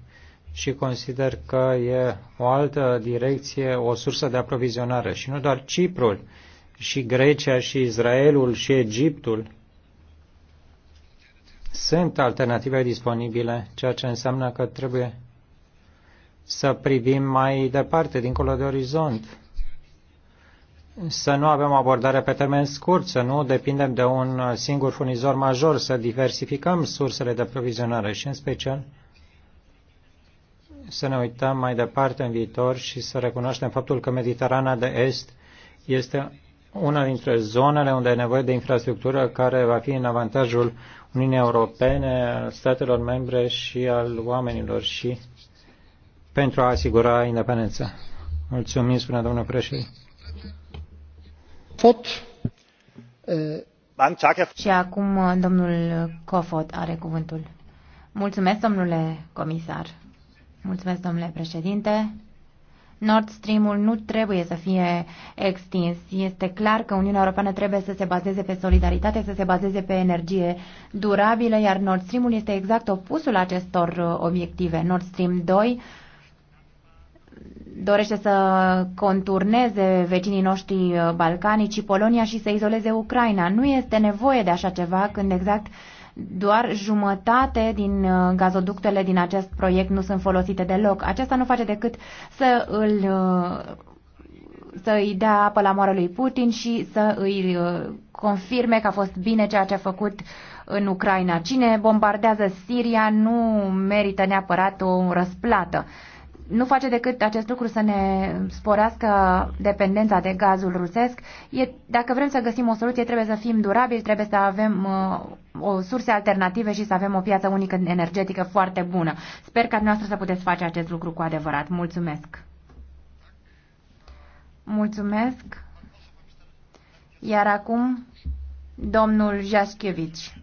și consider că e o altă direcție, o sursă de aprovizionare. Și nu doar Ciprul, și Grecia, și Israelul, și Egiptul sunt alternative disponibile, ceea ce înseamnă că trebuie să privim mai departe, dincolo de orizont. Să nu avem abordare pe termen scurt, să nu depindem de un singur furnizor major, să diversificăm sursele de provizionare și, în special, să ne uităm mai departe în viitor și să recunoaștem faptul că Mediterana de Est este una dintre zonele unde e nevoie de infrastructură care va fi în avantajul Uniunii Europene, al statelor membre și al oamenilor și pentru a asigura independența. Mulțumim, spune domnul președinte. Fot. Și acum domnul Cofot are cuvântul. Mulțumesc, domnule comisar. Mulțumesc, domnule președinte. Nord Stream-ul nu trebuie să fie extins. Este clar că Uniunea Europeană trebuie să se bazeze pe solidaritate, să se bazeze pe energie durabilă, iar Nord Stream-ul este exact opusul acestor uh, obiective. Nord Stream 2 dorește să conturneze vecinii noștri uh, balcanici și Polonia și să izoleze Ucraina. Nu este nevoie de așa ceva când exact doar jumătate din uh, gazoductele din acest proiect nu sunt folosite deloc. Acesta nu face decât să îl uh, să îi dea apă la moară lui Putin și să îi uh, confirme că a fost bine ceea ce a făcut în Ucraina. Cine bombardează Siria nu merită neapărat o răsplată nu face decât acest lucru să ne sporească dependența de gazul rusesc. E, dacă vrem să găsim o soluție, trebuie să fim durabili, trebuie să avem uh, o surse alternative și să avem o piață unică energetică foarte bună. Sper ca dumneavoastră să puteți face acest lucru cu adevărat. Mulțumesc! Mulțumesc! Iar acum, domnul Jaschievici.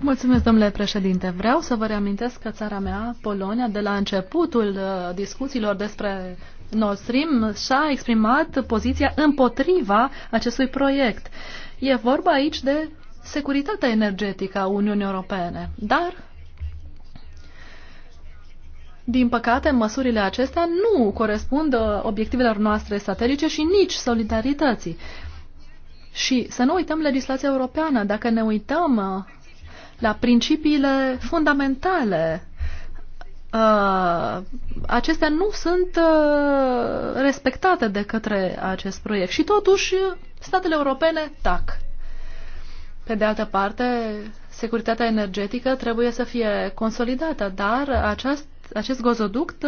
Mulțumesc, domnule președinte. Vreau să vă reamintesc că țara mea, Polonia, de la începutul uh, discuțiilor despre Nord Stream și-a exprimat poziția împotriva acestui proiect. E vorba aici de securitatea energetică a Uniunii Europene, dar din păcate, măsurile acestea nu corespund uh, obiectivelor noastre strategice și nici solidarității. Și să nu uităm legislația europeană. Dacă ne uităm uh, la principiile fundamentale, uh, acestea nu sunt uh, respectate de către acest proiect. Și totuși, statele europene tac. Pe de altă parte, securitatea energetică trebuie să fie consolidată, dar această acest gazoduct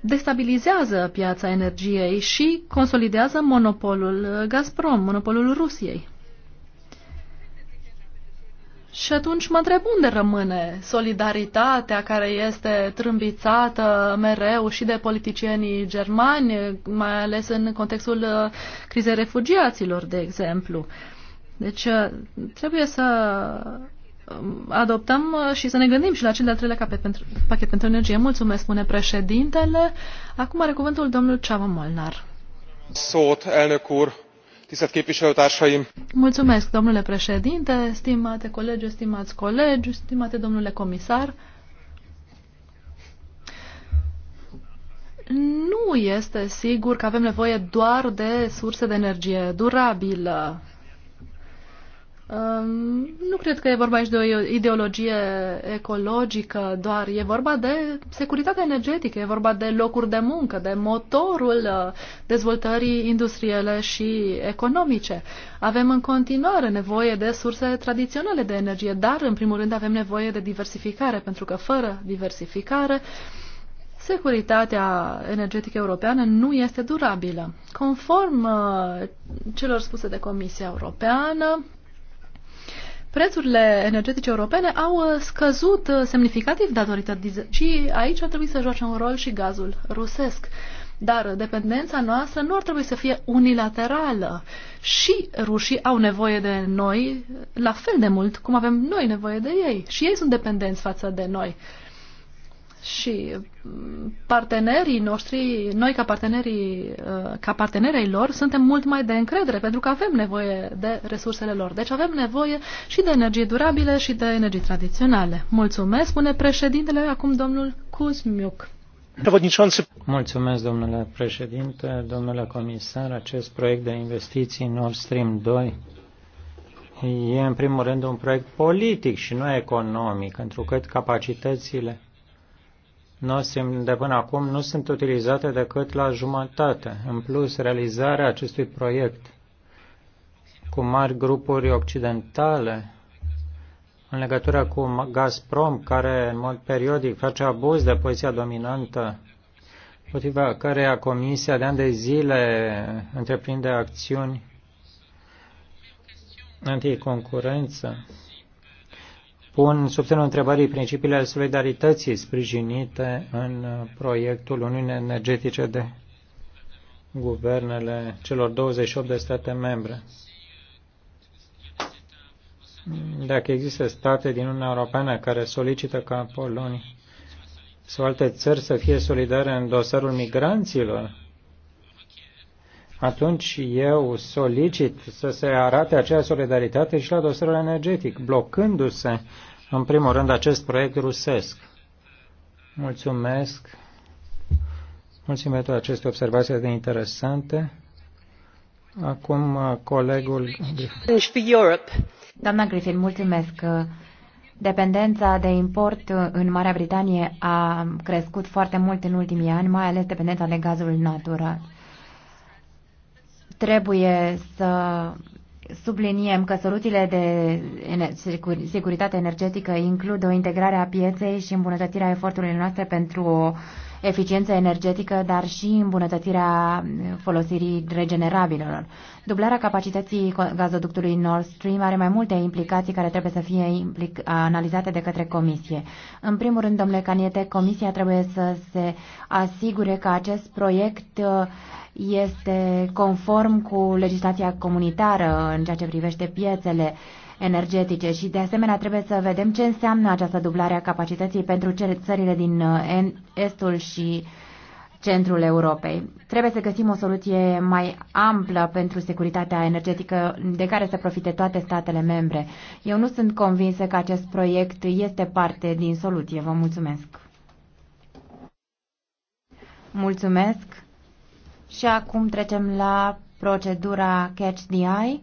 destabilizează piața energiei și consolidează monopolul Gazprom, monopolul Rusiei. Și atunci mă întreb unde rămâne solidaritatea care este trâmbițată mereu și de politicienii germani, mai ales în contextul uh, crizei refugiaților, de exemplu. Deci uh, trebuie să adoptăm uh, și să ne gândim și la cel de-al treilea pachet pentru, pachet pentru energie. Mulțumesc, spune președintele. Acum are cuvântul domnul Ceava Molnar. Sot, elnök úr, tisztelt képviselőtársaim! Mulțumesc, domnule președinte, stimate colegi, stimați colegi, stimate domnule comisar. nu este sigur că avem nevoie doar de surse de energie durabilă nu cred că e vorba aici de o ideologie ecologică doar, e vorba de securitate energetică, e vorba de locuri de muncă, de motorul uh, dezvoltării industriale și economice. Avem în continuare nevoie de surse tradiționale de energie, dar în primul rând avem nevoie de diversificare, pentru că fără diversificare securitatea energetică europeană nu este durabilă. Conform uh, celor spuse de Comisia Europeană, prețurile energetice europene au uh, scăzut uh, semnificativ datorită diesel. Și aici ar trebui să joace un rol și gazul rusesc. Dar dependența noastră nu ar trebui să fie unilaterală. Și rușii au nevoie de noi la fel de mult cum avem noi nevoie de ei. Și ei sunt dependenți față de noi și mm, partenerii noștri, noi ca partenerii, uh, ca partenerei lor, suntem mult mai de încredere, pentru că avem nevoie de resursele lor. Deci avem nevoie și de energii durabile și de energii tradiționale. Mulțumesc, spune președintele, acum domnul Kuzmiuc. Mulțumesc, domnule președinte, domnule comisar. Acest proiect de investiții Nord Stream 2 e, în primul rând, un proiect politic și nu economic, pentru că capacitățile noastre de până acum nu sunt utilizate decât la jumătate. În plus, realizarea acestui proiect cu mari grupuri occidentale în legătură cu Gazprom, care în mod periodic face abuz de poziția dominantă, potriva a Comisia de ani de zile întreprinde acțiuni anticoncurență pun sub semnul întrebării principiile ale solidarității sprijinite în proiectul Uniunii Energetice de guvernele celor 28 de state membre. Dacă există state din Uniunea Europeană care solicită ca Polonia sau alte țări să fie solidare în dosarul migranților, atunci eu solicit să se arate acea solidaritate și la dosarul energetic, blocându-se, în primul rând, acest proiect rusesc. Mulțumesc. Mulțumesc pentru aceste observații de interesante. Acum uh, colegul... Doamna Griffin, mulțumesc. Dependența de import în Marea Britanie a crescut foarte mult în ultimii ani, mai ales dependența de gazul natural trebuie să subliniem că soluțiile de securitate energetică includ o integrare a pieței și îmbunătățirea eforturilor noastre pentru o eficiență energetică, dar și îmbunătățirea folosirii regenerabilelor. Dublarea capacității gazoductului Nord Stream are mai multe implicații care trebuie să fie analizate de către Comisie. În primul rând, domnule Caniete, Comisia trebuie să se asigure că acest proiect uh, este conform cu legislația comunitară în ceea ce privește piețele uh, energetice și de asemenea trebuie să vedem ce înseamnă această dublare a capacității pentru țările din uh, estul și centrul Europei. Trebuie să găsim o soluție mai amplă pentru securitatea energetică de care să profite toate statele membre. Eu nu sunt convinsă că acest proiect este parte din soluție. Vă mulțumesc! Mulțumesc! Și acum trecem la procedura Catch the Eye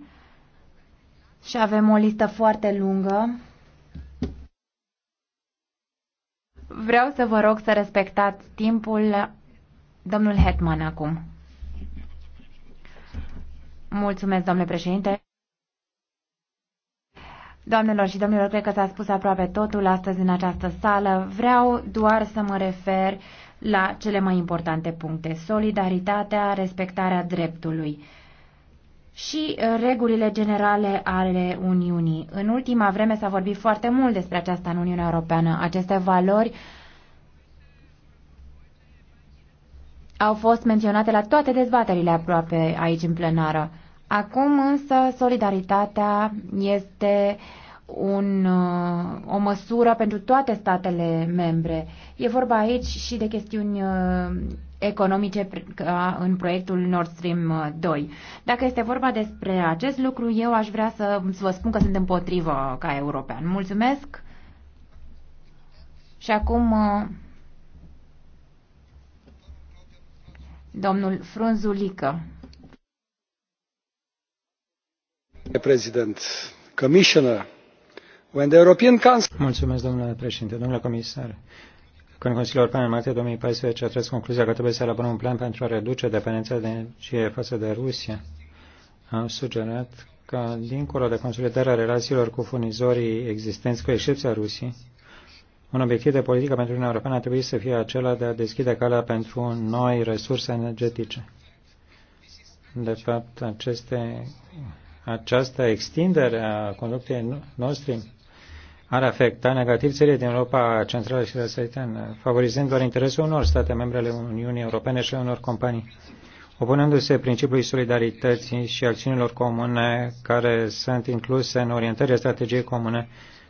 și avem o listă foarte lungă. Vreau să vă rog să respectați timpul. Domnul Hetman acum. Mulțumesc, domnule președinte. Doamnelor și domnilor, cred că s-a spus aproape totul astăzi în această sală. Vreau doar să mă refer la cele mai importante puncte. Solidaritatea, respectarea dreptului și uh, regulile generale ale Uniunii. În ultima vreme s-a vorbit foarte mult despre aceasta în Uniunea Europeană. Aceste valori au fost menționate la toate dezbaterile aproape aici în plenară. Acum însă solidaritatea este uh, un, uh, o măsură pentru toate statele membre. E vorba aici și de chestiuni uh, economice ca în proiectul Nord Stream 2. Uh, Dacă este vorba despre acest lucru, eu aș vrea să vă spun că sunt împotrivă ca european. Mulțumesc! Și acum domnul Frunzulică. President, Commissioner, When the European Council... Mulțumesc, domnule președinte, domnule comisar. Când Consiliul European în martie 2014 a tras concluzia că trebuie să elaborăm un plan pentru a reduce dependența de energie față de Rusia, am sugerat că, dincolo de consolidarea relațiilor cu furnizorii existenți, cu excepția Rusiei, un obiectiv de politică pentru Uniunea Europeană ar trebui să fie acela de a deschide calea pentru noi resurse energetice. De fapt, aceste, această extindere a conductei noastre ar afecta negativ țările din Europa Centrală și de Răsăritană, favorizând doar interesul unor state membre ale Uniunii Europene și ale unor companii, opunându-se principiului solidarității și acțiunilor comune care sunt incluse în orientarea strategiei comune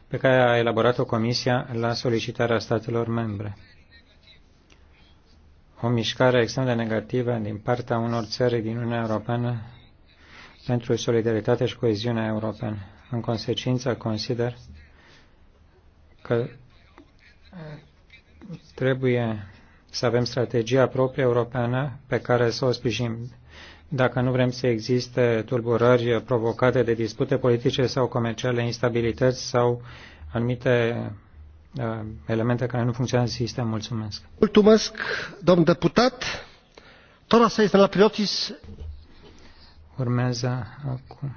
pe care a elaborat-o Comisia la solicitarea statelor membre. O mișcare extrem de negativă din partea unor țări din Uniunea Europeană pentru solidaritate și coeziunea europeană. În consecință, consider că trebuie să avem strategia proprie europeană pe care să o sprijinim. Dacă nu vrem să existe tulburări provocate de dispute politice sau comerciale, instabilități sau anumite uh, elemente care nu funcționează în sistem. Mulțumesc. Mulțumesc, domn deputat. să este la Priotis. Urmează acum.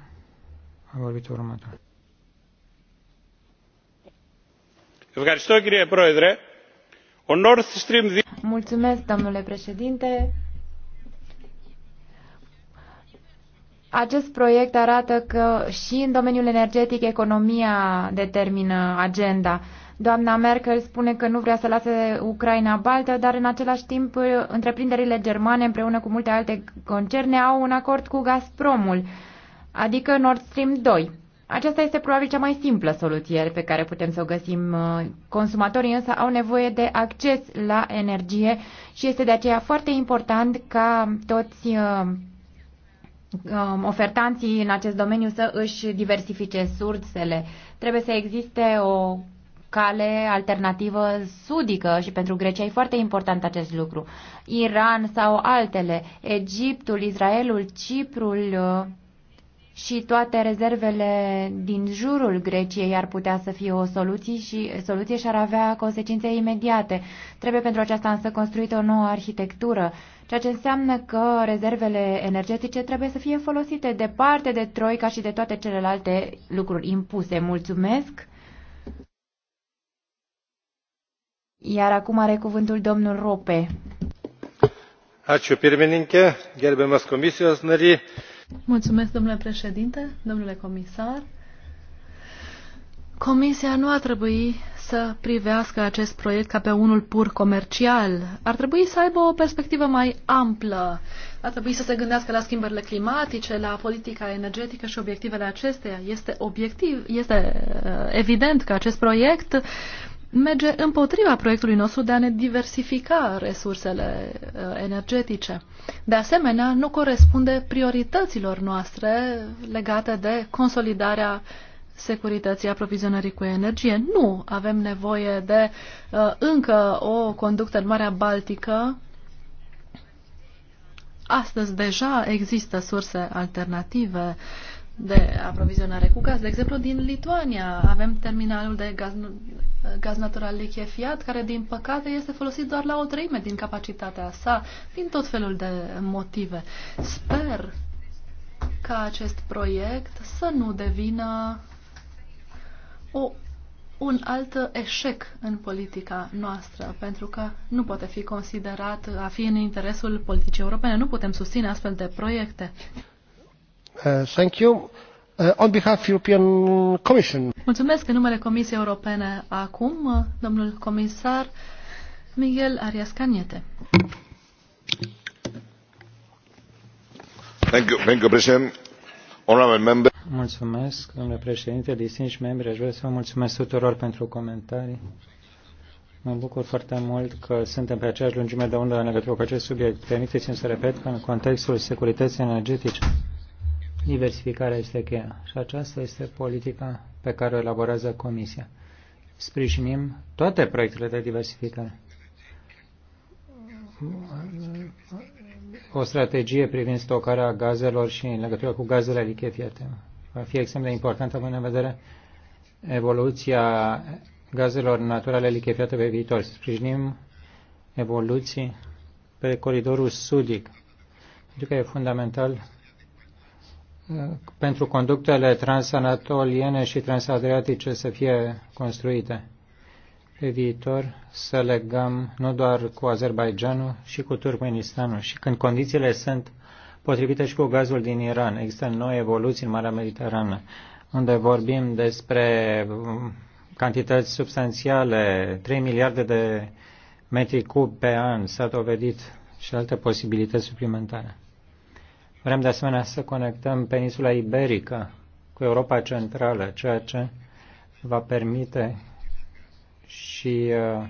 A vorbit următorul. Mulțumesc, domnule președinte. Acest proiect arată că și în domeniul energetic economia determină agenda. Doamna Merkel spune că nu vrea să lase Ucraina baltă, dar în același timp uh, întreprinderile germane împreună cu multe alte concerne au un acord cu Gazpromul, adică Nord Stream 2. Aceasta este probabil cea mai simplă soluție pe care putem să o găsim. Consumatorii însă au nevoie de acces la energie și este de aceea foarte important ca toți uh, um, ofertanții în acest domeniu să își diversifice sursele. Trebuie să existe o cale alternativă sudică și pentru Grecia e foarte important acest lucru. Iran sau altele, Egiptul, Israelul, Ciprul, uh, și toate rezervele din jurul Greciei ar putea să fie o soluție și, soluție și ar avea consecințe imediate. Trebuie pentru aceasta însă construită o nouă arhitectură, ceea ce înseamnă că rezervele energetice trebuie să fie folosite departe de Troica și de toate celelalte lucruri impuse. Mulțumesc! Iar acum are cuvântul domnul Rope. Ačiū pirmininkė, gerbiamas komisijos nariai. Mulțumesc, domnule președinte, domnule comisar. Comisia nu ar trebui să privească acest proiect ca pe unul pur comercial. Ar trebui să aibă o perspectivă mai amplă. Ar trebui să se gândească la schimbările climatice, la politica energetică și obiectivele acesteia. Este, obiectiv, este uh, evident că acest proiect merge împotriva proiectului nostru de a ne diversifica resursele uh, energetice. De asemenea, nu corespunde priorităților noastre legate de consolidarea securității aprovizionării cu energie. Nu avem nevoie de uh, încă o conductă în Marea Baltică. Astăzi deja există surse alternative de aprovizionare cu gaz. De exemplu, din Lituania avem terminalul de gaz gaz natural lichefiat, care din păcate este folosit doar la o treime din capacitatea sa, din tot felul de motive. Sper ca acest proiect să nu devină o, un alt eșec în politica noastră, pentru că nu poate fi considerat a fi în interesul politicii europene. Nu putem susține astfel de proiecte. Uh, thank you. Uh, on behalf European Commission. Mulțumesc în numele Comisiei Europene acum, uh, domnul comisar Miguel Arias Caniete. Thank you, thank you, President. Mulțumesc, domnule președinte, distinși membri, aș vrea să vă mulțumesc tuturor pentru comentarii. Mă bucur foarte mult că suntem pe aceeași lungime de undă în legătură cu acest subiect. Permiteți-mi să repet că în contextul securității energetice Diversificarea este cheia și aceasta este politica pe care o elaborează Comisia. Sprijinim toate proiectele de diversificare. O strategie privind stocarea gazelor și în legătură cu gazele lichefiate va fi extrem de importantă având în vedere evoluția gazelor naturale lichefiate pe viitor. Sprijinim evoluții pe coridorul sudic, pentru că e fundamental pentru conductele transanatoliene și transadriatice să fie construite. Pe viitor să legăm nu doar cu Azerbaijanul și cu Turkmenistanul și când condițiile sunt potrivite și cu gazul din Iran. Există noi evoluții în Marea Mediterană, unde vorbim despre um, cantități substanțiale, 3 miliarde de metri cub pe an s-a dovedit și alte posibilități suplimentare. Vrem de asemenea să conectăm peninsula iberică cu Europa Centrală, ceea ce va permite și uh,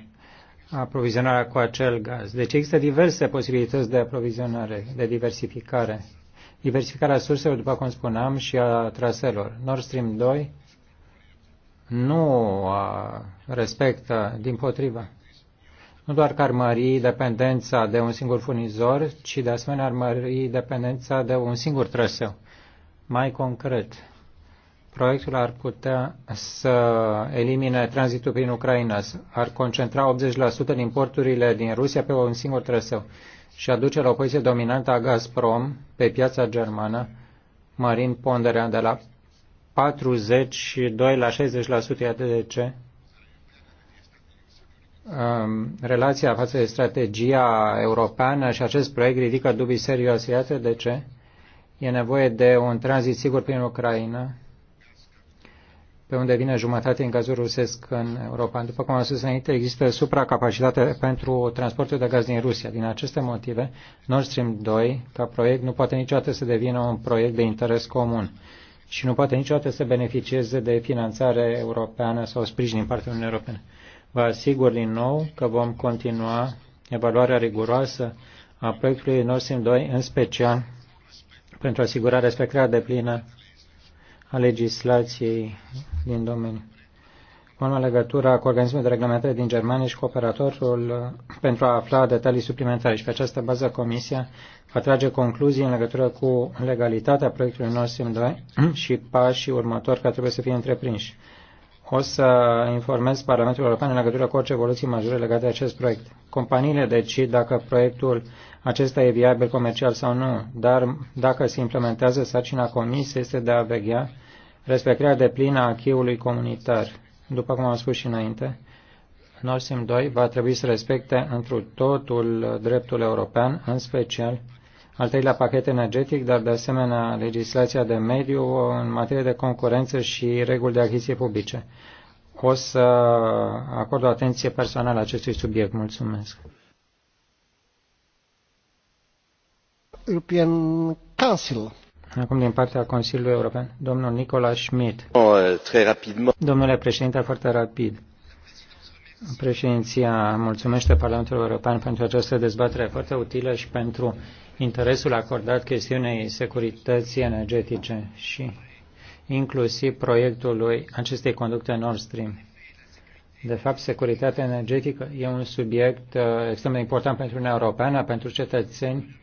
aprovizionarea cu acel gaz. Deci există diverse posibilități de aprovizionare, de diversificare. Diversificarea surselor, după cum spuneam, și a traselor. Nord Stream 2 nu uh, respectă, din potriva, nu doar că ar mări dependența de un singur furnizor, ci de asemenea ar mări dependența de un singur traseu. Mai concret, proiectul ar putea să elimine tranzitul prin Ucraina, ar concentra 80% din importurile din Rusia pe un singur traseu și aduce la o poziție dominantă a Gazprom pe piața germană, mărind ponderea de la 42 la 60%, iată de ce Um, relația față de strategia europeană și acest proiect ridică dubii serioase. Iată de ce e nevoie de un tranzit sigur prin Ucraina, pe unde vine jumătate din gazul rusesc în Europa. După cum am spus înainte, există supracapacitate pentru transportul de gaz din Rusia. Din aceste motive, Nord Stream 2, ca proiect, nu poate niciodată să devină un proiect de interes comun și nu poate niciodată să beneficieze de finanțare europeană sau sprijin din partea Uniunii Europene. Vă asigur din nou că vom continua evaluarea riguroasă a proiectului Nord Stream 2, în special pentru asigurarea respectarea deplină a legislației din domeniu. Vom în legătura cu organismul de reglementare din Germania și cu operatorul uh, pentru a afla detalii suplimentare și pe această bază Comisia va trage concluzii în legătură cu legalitatea proiectului Nord Stream 2 și pașii următori care trebuie să fie întreprinși o să informez Parlamentul European în legătură cu orice evoluții majore legate de acest proiect. Companiile decid dacă proiectul acesta e viabil comercial sau nu, dar dacă se implementează, sarcina comisiei este de a veghea respectarea de plină a cheiului comunitar. După cum am spus și înainte, Nord Stream 2 va trebui să respecte întru totul dreptul european, în special al treilea pachet energetic, dar de asemenea legislația de mediu în materie de concurență și reguli de achiziție publice. O să acord o atenție personală acestui subiect. Mulțumesc. European Council. Acum din partea Consiliului European, domnul Nicola Schmidt. Oh, eh, Domnule președinte, foarte rapid. Președinția mulțumește Parlamentului European pentru această dezbatere foarte utilă și pentru interesul acordat chestiunei securității energetice și inclusiv proiectului acestei conducte Nord Stream. De fapt, securitatea energetică e un subiect uh, extrem de important pentru Uniunea Europeană, pentru cetățeni,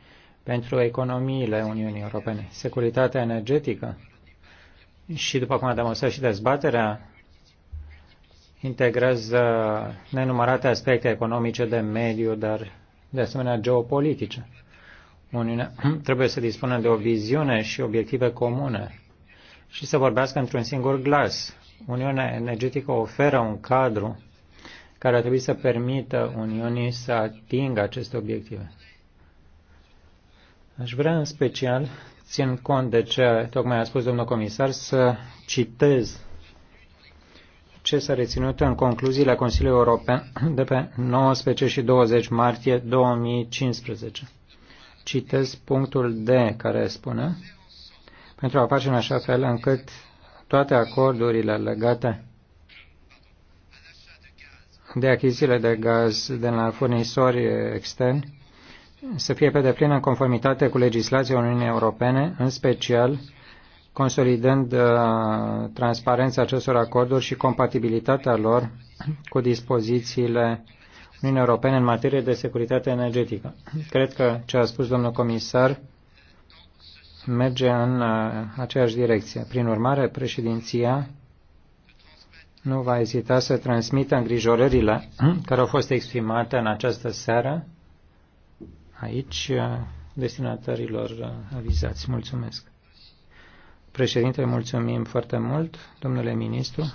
pentru economiile Uniunii Europene. Securitatea energetică și, după cum a demonstrat și dezbaterea, integrează nenumărate aspecte economice, de mediu, dar de asemenea geopolitice. Uniunea trebuie să dispună de o viziune și obiective comune și să vorbească într-un singur glas. Uniunea energetică oferă un cadru care ar trebui să permită Uniunii să atingă aceste obiective. Aș vrea în special, țin cont de ce tocmai a spus domnul comisar, să citez ce s-a reținut în concluziile Consiliului European de pe 19 și 20 martie 2015. Citez punctul D care spune pentru a face în așa fel încât toate acordurile legate de achizițiile de gaz de la furnizori externi să fie pe deplin în conformitate cu legislația Uniunii Europene, în special consolidând uh, transparența acestor acorduri și compatibilitatea lor cu dispozițiile Uniunii Europene în materie de securitate energetică. Cred că ce a spus domnul comisar merge în uh, aceeași direcție. Prin urmare, președinția nu va ezita să transmită îngrijorările care au fost exprimate în această seară aici uh, destinatarilor avizați. Mulțumesc! Președinte, mulțumim foarte mult, domnule ministru.